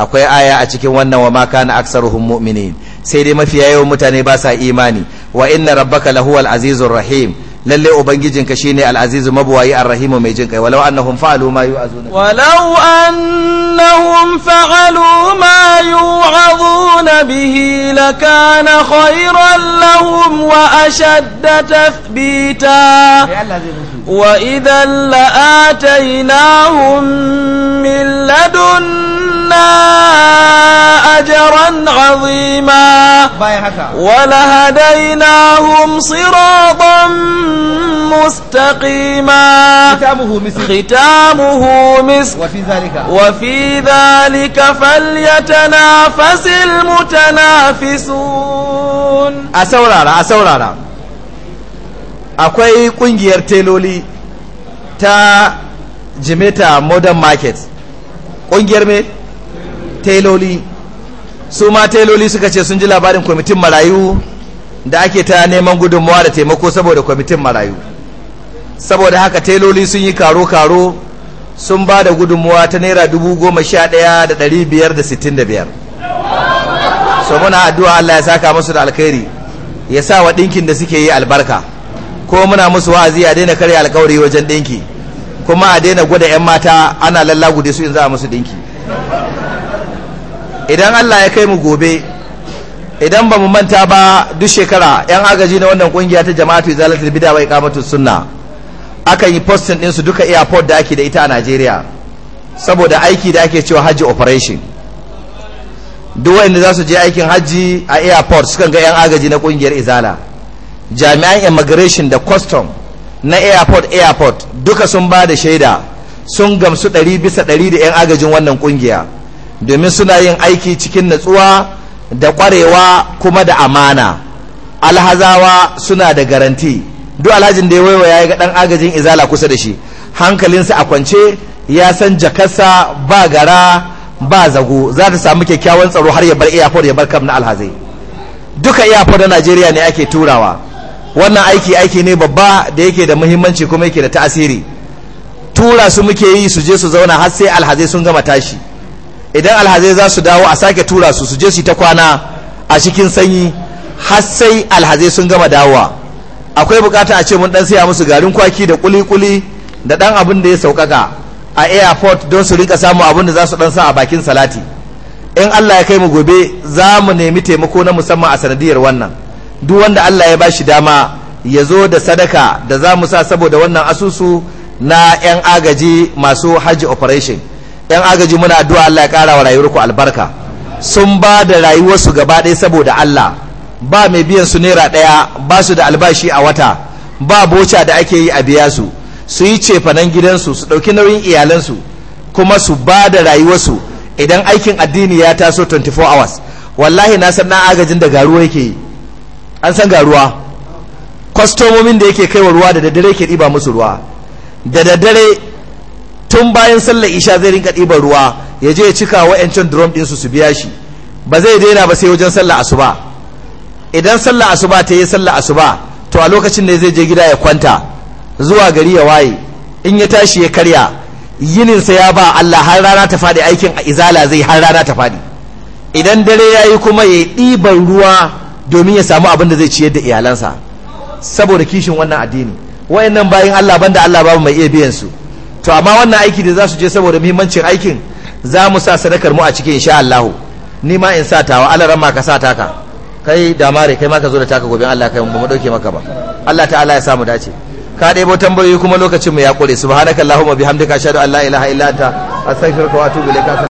akwai aya a cikin wannan wa ma kana aksaruhum mu'minin sai dai mafiya yawan mutane ba sa imani wa inna rabbaka lahuwal azizur rahim lalle ubangijinka shine al'azizu mabuwayi al-rahimu mai jin kai walau annahum fa'alu ma yu'azuna walau annahum fa'alu ma yu'azuna bihi lakana khayran lahum wa ashadda tathbita wa idhan la'ataynahum min ladun أجرا عظيما ولهديناهم صراطا مستقيما ختامه مسك, ختامه مسك وفي ذلك وفي ذلك فليتنافس المتنافسون أسورارا أسورارا akwai كونجير تيلولي تا jimeta modern ماركت كونجير mai teloli su ma teloli suka ce sun ji labarin kwamitin marayu da ake ta neman gudunmawa da taimako saboda kwamitin marayu saboda haka teloli sun yi karo-karo sun ba da gudunmawa ta naira dubu goma sha daya da ɗari biyar da sittin da biyar so muna addu'a Allah ya saka musu da alkhairi ya sa wa ɗinkin da suke yi albarka ko muna musu wa'azi a daina karya alkawari wajen ɗinki kuma a daina gwada 'yan mata ana da su in za a musu ɗinki idan Allah ya kai mu gobe idan ba mu manta ba duk shekara yan agaji na wannan kungiya ta jama'atu izalatul bid'a wa iqamatus sunna akan yi posting din su duka airport da ake da ita a Najeriya saboda aiki da ake cewa haji operation duk wanda za su je aikin haji a airport su kan ga yan agaji na kungiyar izala jami'an immigration da custom na airport airport duka sun ba da shaida sun gamsu 100 bisa 100 da yan agajin wannan kungiya domin suna yin aiki cikin natsuwa da kwarewa kuma da amana alhazawa suna da garanti duk alhajin da ya waiwa ya yi ga ɗan agajin izala kusa da shi hankalinsa a kwance ya san jakarsa ba gara ba zago za ta samu kyakkyawan tsaro har ya bar airport ya bar kam na alhazai duka airport na Najeriya ne ake turawa wannan aiki aiki ne babba da yake da muhimmanci kuma yake da tasiri tura su muke yi su je su zauna har sai alhazai sun gama tashi idan alhazai za su dawo a sake tura su su je su ta kwana a cikin sanyi har sai alhazai sun gama dawowa akwai bukata a ce mun dan saya musu garin kwaki da kuli da dan abin da ya saukaka a airport don su rika samu abin da za su dan sa a bakin salati in Allah ya kai mu gobe za mu nemi taimako na musamman a sanadiyar wannan duk wanda Allah ya bashi dama ya zo da sadaka da za mu sa saboda wannan asusu na 'yan agaji masu hajji operation yan agaji muna addu'a Allah ya ƙara wa rayuwarku albarka sun ba da rayuwarsu gaba ɗaya saboda Allah ba mai biyan su naira ɗaya ba su da albashi a wata ba boca da ake yi a biya su su yi cefanen gidansu su ɗauki nauyin iyalansu kuma su ba da rayuwarsu idan aikin addini ya taso 24 hours wallahi na san ɗan agajin da garuwa yake yi an san garuwa kwastomomin da yake kaiwa ruwa da daddare ke ɗiba musu ruwa da daddare tun bayan sallar isha zai rinka ɗiban ruwa ya je ya cika wa'yancan drum ɗinsu su biya shi ba zai daina ba sai wajen sallar asuba idan sallar asuba ta yi sallar asuba to a lokacin ne zai je gida ya kwanta zuwa gari ya waye in ya tashi ya karya yininsa ya ba Allah har rana ta faɗi aikin a izala zai har rana ta faɗi idan dare ya yi kuma ya ɗiban ruwa domin ya samu abin da zai ciyar da iyalansa saboda kishin wannan addini wa'annan bayan Allah banda Allah babu mai iya biyan su to amma wannan aiki da za su je saboda muhimmancin aikin za mu sa sadakar mu a cikin insha Allah ni ma in sa wa Allah ranma ka sa taka kai da mare kai ma ka zo da taka gobe Allah kai mu dauke maka ba Allah ta'ala ya samu dace ka bo tambayoyi kuma lokacin mu ya kure subhanakallahumma bihamdika ashhadu an la ilaha illa anta astaghfiruka wa atubu ilaik